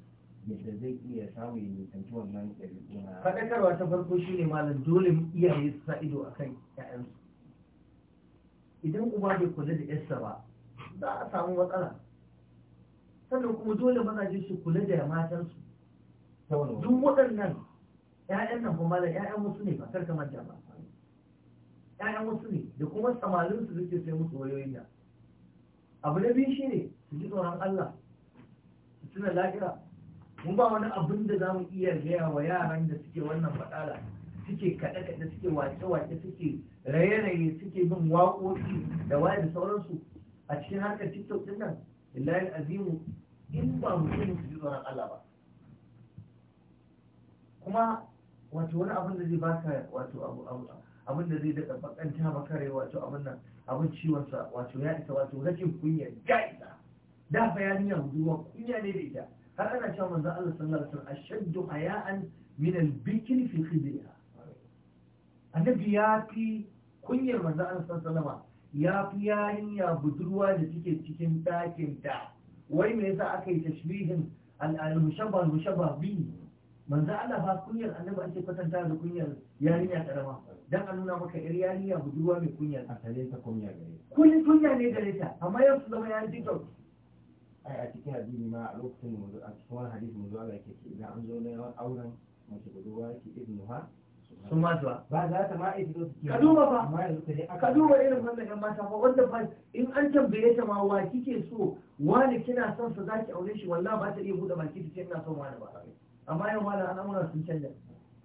Speaker 1: yadda zai iya samu ya nisanci wannan ɗabi'u
Speaker 2: faɗakarwa ta farko shi ne malam dole iyaye su sa ido akan ƴaƴansu idan uba bai kula da yarsa ba za a samu matsala sannan kuma dole mazaje su kula da matansu duk waɗannan ‘ya'yan nan kuma da ‘ya'yan wasu ne ba karka manta ba ‘ya'yan wasu ne da kuma samarinsu su suke sai musu wayoyin da abu na biyu shine su ji tsoron Allah su tuna lafiya mun ba wani abin da za mu iya gaya wa yaran da suke wannan faɗala suke kaɗe-kaɗe suke wace-wace suke raye-raye suke bin waƙoƙi da waye da sauransu a cikin harkar tiktok ɗin nan lillahi azimu in ba mutum su ji tsoron Allah ba kuma wato wani abin da zai baka wato abin da zai daga bakanta kare wato abin nan abin ciwonsa wato ya isa wato rashin kunya ya isa da fa yarinya budurwa kunya ne da ita har ana cewa manzon Allah sallallahu alaihi wasallam ashaddu haya'an min al-bikr fi khidriha annabi ya fi kunyar manzon Allah sallallahu alaihi ya fi yarinya budurwa da take cikin ɗakin ta wai me yasa aka yi tashbihin al-mushabba al-mushabba bi manzo Allah ba kunyar annabi ake kwatanta da kunyar yarinya karama dan a nuna maka yar yarinya budurwa mai kunyar a tare ta kunyar gare kulli kunya ne gare ta amma yau su zama yayin TikTok ai a cikin addini ma a lokacin mu a
Speaker 1: cikin wani hadisi mu Allah yake ce idan an zo na auren mace budurwa yake ibnuha sun ma
Speaker 2: zuwa ba za ta ma aiki su ka duba ba ka duba irin wannan yan mata ba wanda ba in an tambaye ta ma wa kike so wani kina son sa zaki aure shi wallahi ba ta iya bude baki ta ce ina son wani ba amma yau malam al'amura sun canja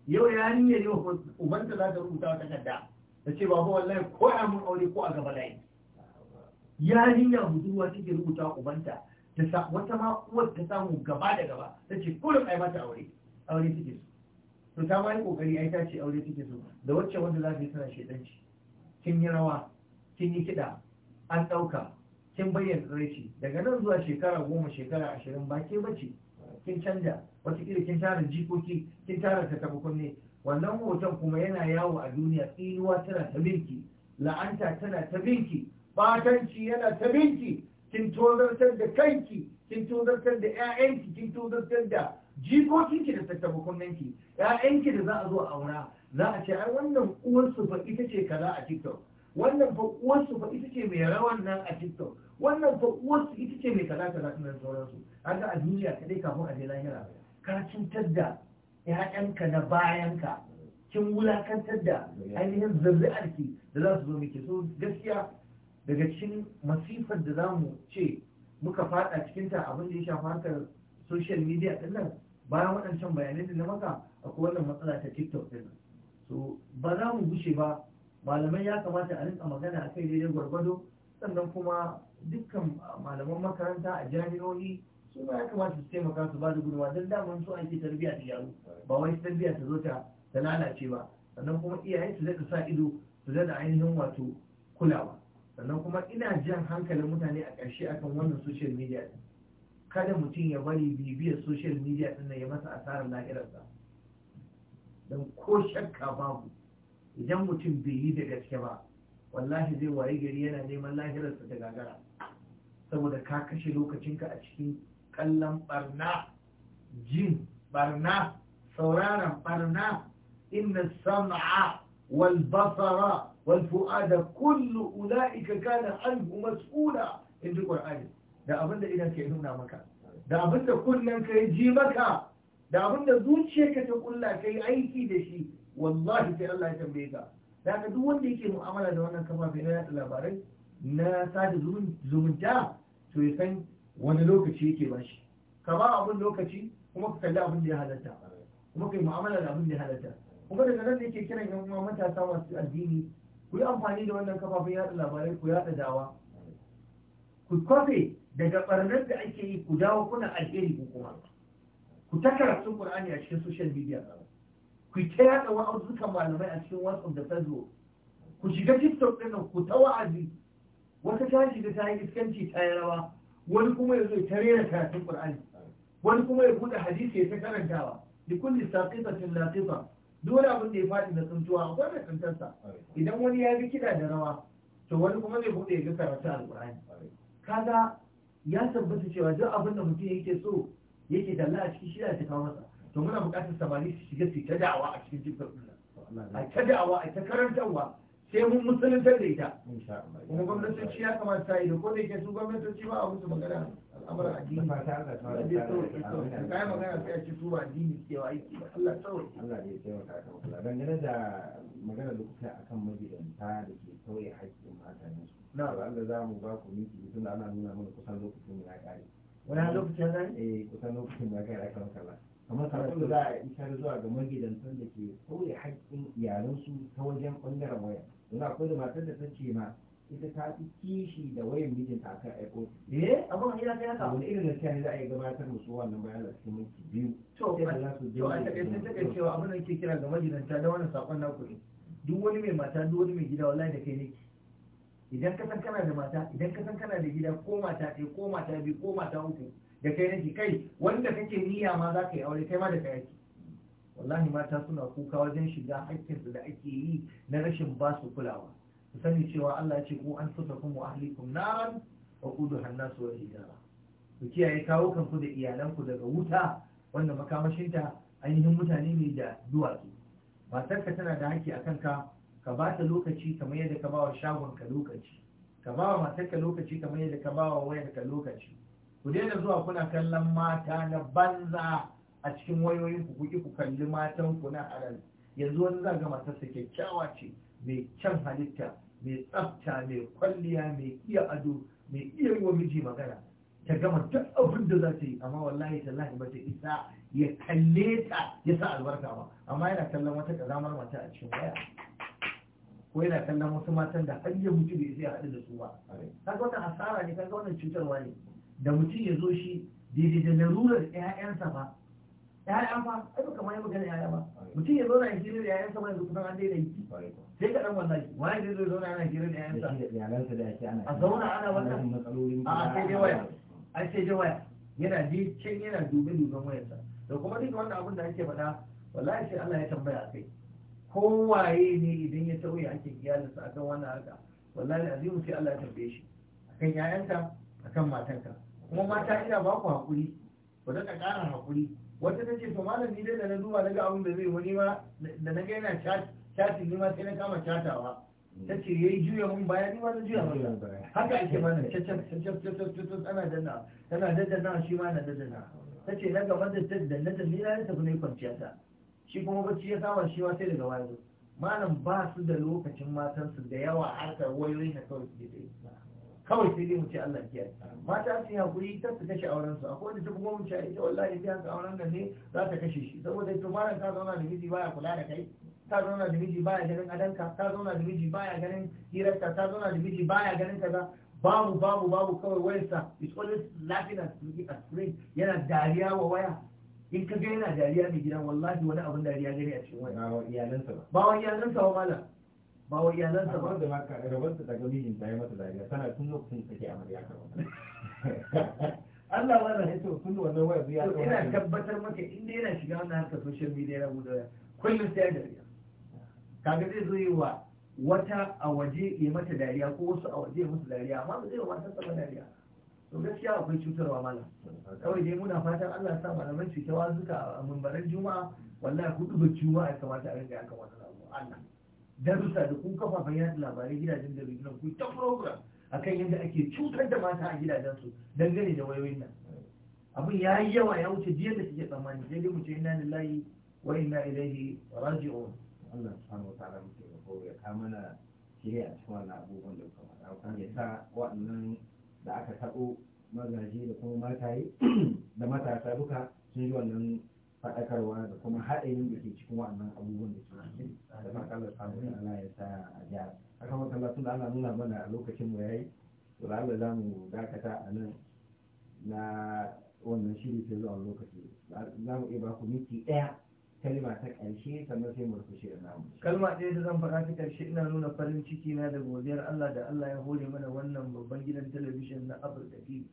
Speaker 2: yau ya yarinyar yau ubanta za ta rubuta wata takarda ta ce babu wallahi ko a mun aure ko a gaba layi yarinya budurwa take rubuta ubanta ta sa wata ma uwar ta samu gaba da gaba ta ce kullum ai mata aure aure take so to ta mai kokari ai ta ce aure take so da wacce wanda za ta yi tana shedanci kin yi rawa kin yi kiɗa an ɗauka kin bayyana shi? daga nan zuwa shekara goma shekara ashirin ba ke bace kin canja wataƙila kin tara jikoki kin tara ta kunne wannan hoton kuma yana yawo a duniya tsinuwa tana ta binki la'anta tana ta binki batanci yana ta binki kin tozartar da kanki kin tozartar da 'ya'yanki kin tozartar da jikokinki da tattabakunanki 'ya'yanki da za a zo a aura za a ce ai wannan uwarsu fa ita ce kaza a tiktok wannan fa uwarsu fa ita ce mai rawan nan a tiktok wannan fa uwarsu ita ce mai kaza kaza tunan sauransu an ga a duniya kadai kafin a je lahira ka cutar da ƴaƴanka na bayanka kin wulakantar da ainihin zuri'arki da za su zo muke so gaskiya daga cikin masifar da za mu ce muka fada cikinta abin da ya shafa harkar social media din nan bayan waɗancan bayanai da na maka akwai wannan matsala ta tiktok din so ba za mu gushe ba malamai ya kamata a rinka magana a kai daidai gwargwado sannan kuma dukkan malaman makaranta a jami'o'i su ma ya kamata su taimaka su ba da gudunmawa don daman su ake tarbiyya ta yaro ba wai tarbiyya ta zo ta ta lalace ba sannan kuma iyaye su daɗa sa ido su da ainihin wato kulawa sannan kuma ina jan hankalin mutane a ƙarshe akan wannan social media kada mutum ya bari bibiyar social media din ya masa asarar lahirarsa don ko shakka babu idan mutum bai yi da gaske ba wallahi zai waye gari yana neman lahirarsa da gagara saboda ka kashe lokacinka a cikin kallon barna jin barna sauraron barna inna sam'a wal basara wal fu'ada kullu ula'ika kana anhu mas'ula in ji qur'ani da abinda idan ke nuna maka da abinda kunnen ka ji maka da abin da ka ta kulla kai aiki da shi wallahi sai Allah ya tambaye ka da ka duk wanda yake mu'amala da wannan kafafe na labarai na sada zumunta to ya san wani lokaci yake ba shi ka ba abin lokaci kuma ka kalli abin da ya halatta kuma ka mu'amala da abin da ya halatta kuma daga nan da yake kiran yan uwa matasa masu addini ku yi amfani da wannan kafafen yada labarai ku yada dawa ku kwafe daga ɓarnar da ake yi ku dawo kuna alheri ku kuma ku ta karatun qur'ani a cikin social media ku yi ta yada wa'azukan malamai a cikin whatsapp da facebook ku shiga tiktok ɗin ku ta wa'azi wata ta shiga ta yi iskanci ta yi rawa wani kuma ya zo ta rera karatun qur'ani wani kuma ya buɗe hadisi ya ta karantawa da kulli saqifatin laqifa dole abin da ya faɗi na tsuntuwa akwai mai tsuntarsa idan wani ya yi kiɗa da rawa to wani kuma zai buɗe ya ga karatun kur'ani kaga ya tabbata cewa duk abin da mutum yake so yake talla a cikin shida ta kawo masa to muna bukatar samari su shiga su ta da'awa a cikin jibgar a ta da'awa a ta karantarwa sai mun musuluntar da ita kuma gwamnatoci ya kamata ta ido ko da yake su gwamnatoci ba a musu magana al'amuran addini ba ta Allah ta Allah kai magana sai a ci su ba addini suke wa aiki ba Allah tsawai Allah ne ya taimaka ka Allah dangane
Speaker 1: da magana da kuka akan mabiyanta da ke sauya haƙƙin mata ne na Allah za mu ba ku miki tunda ana nuna mana kusan lokacin mu ya ƙare wani lokacin zai eh kusan lokacin da kai akan kaza kamar karatu za a isar zuwa ga magidantan da ke kore haƙƙin iyalansu ta wajen ɓangaren waya don akwai da matar da ta ce ma ita ta fi kishi da wayan mijinta a kan aiko eh abin ina ta yaka wani irin gaskiya ne za a yi gabatar su wannan bayan da suke minti biyu
Speaker 2: to a za su je wani cewa abin da ke kira ga magidanta da wannan sakon naku ne duk wani mai mata duk wani mai gida wallahi da kai ne idan ka san kana da mata idan ka san kana da gida ko mata ɗaya ko mata biyu ko mata uku da kai nake kai wanda kake niyya ma za ka yi aure kai ma da kai ake wallahi mata suna kuka wajen shiga haƙƙinsu da ake yi na rashin ba su kulawa ku sani cewa Allah ya ce ko an fusa kun wa ahlikum naran wa qudu hannasu wani hijara ku kiyaye kawo kanku da iyalanku daga wuta wanda makamashinta ainihin mutane ne da duwatsu matarka tana da haƙƙi akan ka ka ba ta lokaci kamar yadda ka ba wa shagon ka lokaci ka ba wa matar ka lokaci kamar yadda ka ba wa wayar ka lokaci ku daina zuwa kuna kallon mata na banza a cikin wayoyin ku kuke ku kalli matan ku na aral yanzu wani zaga matarsa kyakkyawa ce mai kyan halitta mai tsafta mai kwalliya mai iya ado mai iya yi wa miji magana ta gama duk abin da za ta yi amma wallahi tallahi ba ta isa ya kalle ta ya sa albarka ba amma yana kallon wata ƙazamar mata a cikin waya ko yana kallon wasu matan da har ya mutu bai sai ya haɗu da su ba kaga wannan hasara ne kaga wannan cutarwa ne da mutum ya zo shi daidai da larurar ƴaƴansa ba ƴaƴan fa ai ba kamar ya magana ƴaƴa ba mutum ya zo na hira da ƴaƴansa ba yanzu kusan an daina yi sai ka dan wallahi wani zai zo zauna ana hira da
Speaker 1: ƴaƴansa
Speaker 2: a zauna ana wannan a sai dai waya a sai dai waya yana dai can yana dube duben wayarsa da kuma duk wannan abin da ake faɗa wallahi sai Allah ya tambaya a kai kowaye ne idan ya sauya ake iyalinsa akan wannan haka wallahi azimu sai Allah ya tambaye shi akan yayanka akan matanka kuma mata ina ba ku hakuri ku daga ƙara hakuri wata ta ce to malam ni dai da na duba daga abin da zai wani ma da na ga yana chatin ni ma sai na kama chatawa ta ce yayi juya mun baya ni ma na juya mun haka ake mana caccan caccan caccan tana danna tana daddana shi ma na daddana ta ce na gaba da daddana ni na tafi ne kwanciyar ta shi kuma bacci ya saba shi sai daga waya malam ba su da lokacin matan su da yawa harkar wayoyi na kawai suke tsaye kawai sai dai mu ce Allah kiyaye mata su hakuri ta su kashe auren su akwai wanda ta kuma mu ce ita wallahi sai haka auren nan ne za ta kashe shi saboda to malam ka zauna da miji baya kula da kai ta zauna da miji baya ganin adanka ta zauna da miji baya ganin hirarka ta zauna da miji baya ganin kaza babu babu babu kawai wayarsa it's always laughing at screen yana dariya wa waya in ka ga yana dariya mai gidan wallahi wani abin dariya gari a cikin wani ba wa iyalansa ba ba wa iyalansa ba malam ba wa iyalansa ba da maka rabarta daga mijin ta yi mata dariya tana tun lokacin take amarya ka Allah wannan ya ce tun wannan waya zuya ina tabbatar maka inda yana shiga wannan harka social media ya rabu da kullum sai dariya kaga zai zo yi wa wata a waje ya mata dariya ko wasu a waje musu dariya amma ba zai wa matarsa ba dariya to gaskiya akwai cutarwa mala kawai dai muna fatan Allah sa malaman su kyawa suka a mumbaran juma'a wallahi ku duba juma'a ya kamata a rinka yakan wannan abu Allah darussa da kun kafafen yada labarai gidajen da riginan ku ta program akan yadda ake cutar da mata a gidajen su dangane da wayoyin nan abin ya yi yawa ya wuce jiya da suke tsammani sai dai mu ce inna lillahi wa inna ilaihi raji'un
Speaker 1: Allah subhanahu wa ta'ala muke ko ya kama na shirya a cikin wannan abubuwan da kuma ya sa waɗannan da aka taɓo mazaje da kuma mataye da matasa duka sun yi wannan faɗakarwa da kuma haɗarin da ke cikin wannan abubuwan da ke cikin da ma Allah ya sa a haka tun ana nuna mana a lokacin mu yayi to Allah za mu dakata a nan na wannan shiri sai zuwa lokaci
Speaker 2: za mu iya ba ku minti ɗaya
Speaker 1: kalma ta ƙarshe sannan sai murkushe da namu kalma
Speaker 2: ɗaya da zan faɗa ta ƙarshe ina nuna farin ciki na da godiyar Allah da Allah ya hore mana wannan babban gidan talabijin na Afirka TV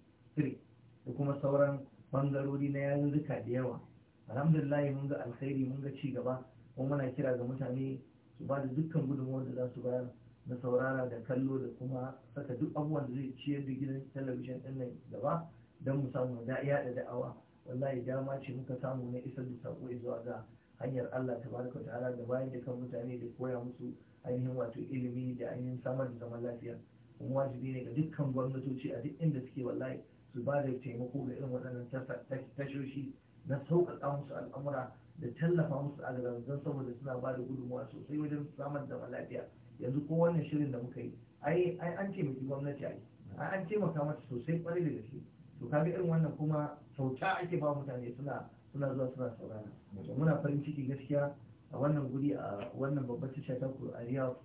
Speaker 2: da kuma sauran bangarori na yayin zuka da yawa alhamdulillah mun ga alkhairi mun ga ci gaba kuma muna kira ga mutane su ba da dukkan gudunmawar da za su bayar na saurara da kallo da kuma saka duk abubuwan da zai ciyar da gidan talabijin ɗin nan gaba don mu samu da da'awa wallahi dama ce muka samu na isar da saƙo zuwa ga hanyar Allah ta ta ta'ala da bayan da kan mutane da koya musu ainihin wato ilimi da ainihin samar da zaman lafiya kuma wajibi ne ga dukkan gwamnatoci a duk inda suke wallahi su ba da taimako ga irin waɗannan tashoshi na sauƙaƙa musu al'amura da tallafa musu a don saboda suna ba da gudunmuwa sosai wajen samar da lafiya yanzu ko wannan shirin da muka yi ai an taimaki gwamnati ai an taimaka mata sosai kwarai da gaske to kaga irin wannan kuma sauta ake ba mutane suna suna zuwa suna saurara muna farin ciki gaskiya a wannan guri a wannan babbar tasha ta ku a riyadh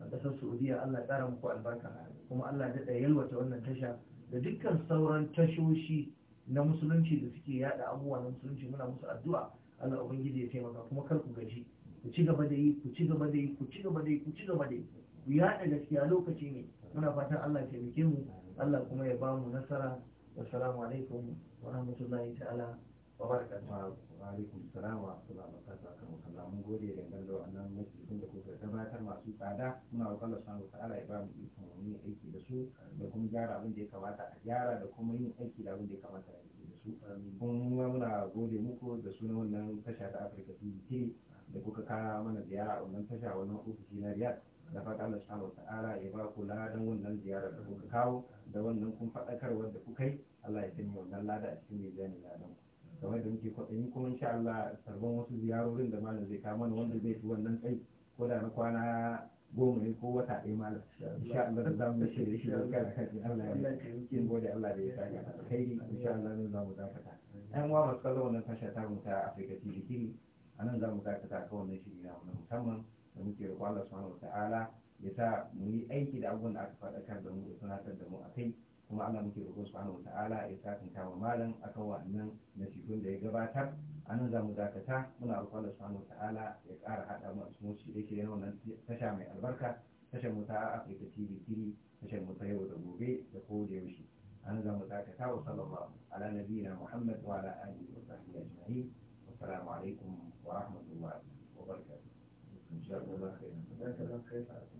Speaker 2: a ƙasar saudiya allah ƙara muku albarka kuma allah daɗa yalwata wannan tasha da dukkan sauran tashoshi na musulunci da suke yada abubuwa na musulunci muna musu addu'a allah ubangiji ya taimaka kuma kar ku gaji ku ci gaba da yi ku ci gaba da yi ku ci gaba da yi ku ci gaba da yi ku yaɗa gaskiya lokaci ne muna fatan allah ya taimake mu allah kuma ya ba mu nasara wassalamu alaikum wa rahmatullahi ta'ala
Speaker 1: alaikum salam wa rahmatullahi wa barakatuh mun gode da dangane da wannan da kuka gabatar masu tsada muna roƙon Allah subhanahu ta'ala ya ba mu ikon aiki da su da kuma gyara abin da ya kamata a gyara da kuma yin aiki da abin da ya kamata a yi da su kuma muna gode muku da sunan wannan tasha ta Africa TV da kuka kara mana ziyara a wannan tasha wannan ofishi na Riyadh da fata Allah subhanahu ta'ala ya ba ku ladan wannan ziyara da kuka kawo da wannan kun faɗakarwar da kuka yi Allah ya sanya wannan lada a cikin mizanin ladan ku kamar da muke in kuma insha Allah sarban wasu ziyarorin da malam zai kama mana wanda zai fi wannan tsayi ko da na kwana goma ne ko wata ɗaya malam insha Allah da zamu shi da shi da kan Allah ya yi gode Allah da ya saka kai insha Allah nan zamu dakata ɗan wa masu kallon wannan tasha ta mu ta Africa TV kiri a nan zamu dakata kan wannan shiri na musamman da muke roƙo Allah subhanahu wa ta'ala ya sa mu yi aiki da abubuwan da aka kan da mu da sanatar da mu a kai kuma Allah muke roƙon subhanahu wata'ala ya sakanta wa malam akan wannan nasibin da ya gabatar a nan za mu dakata muna roƙon Allah subhanahu wata'ala ya ƙara haɗa mu a cikin shi yake yana wannan tasha mai albarka tashar mu ta Afirka TV 3 tashar mu ta yau da gobe da ko da yaushe a nan za mu dakata wa sallallahu ala nabiyina Muhammad wa ala alihi wa sahbihi ajma'in
Speaker 2: assalamu alaikum wa rahmatullahi wa barakatuh.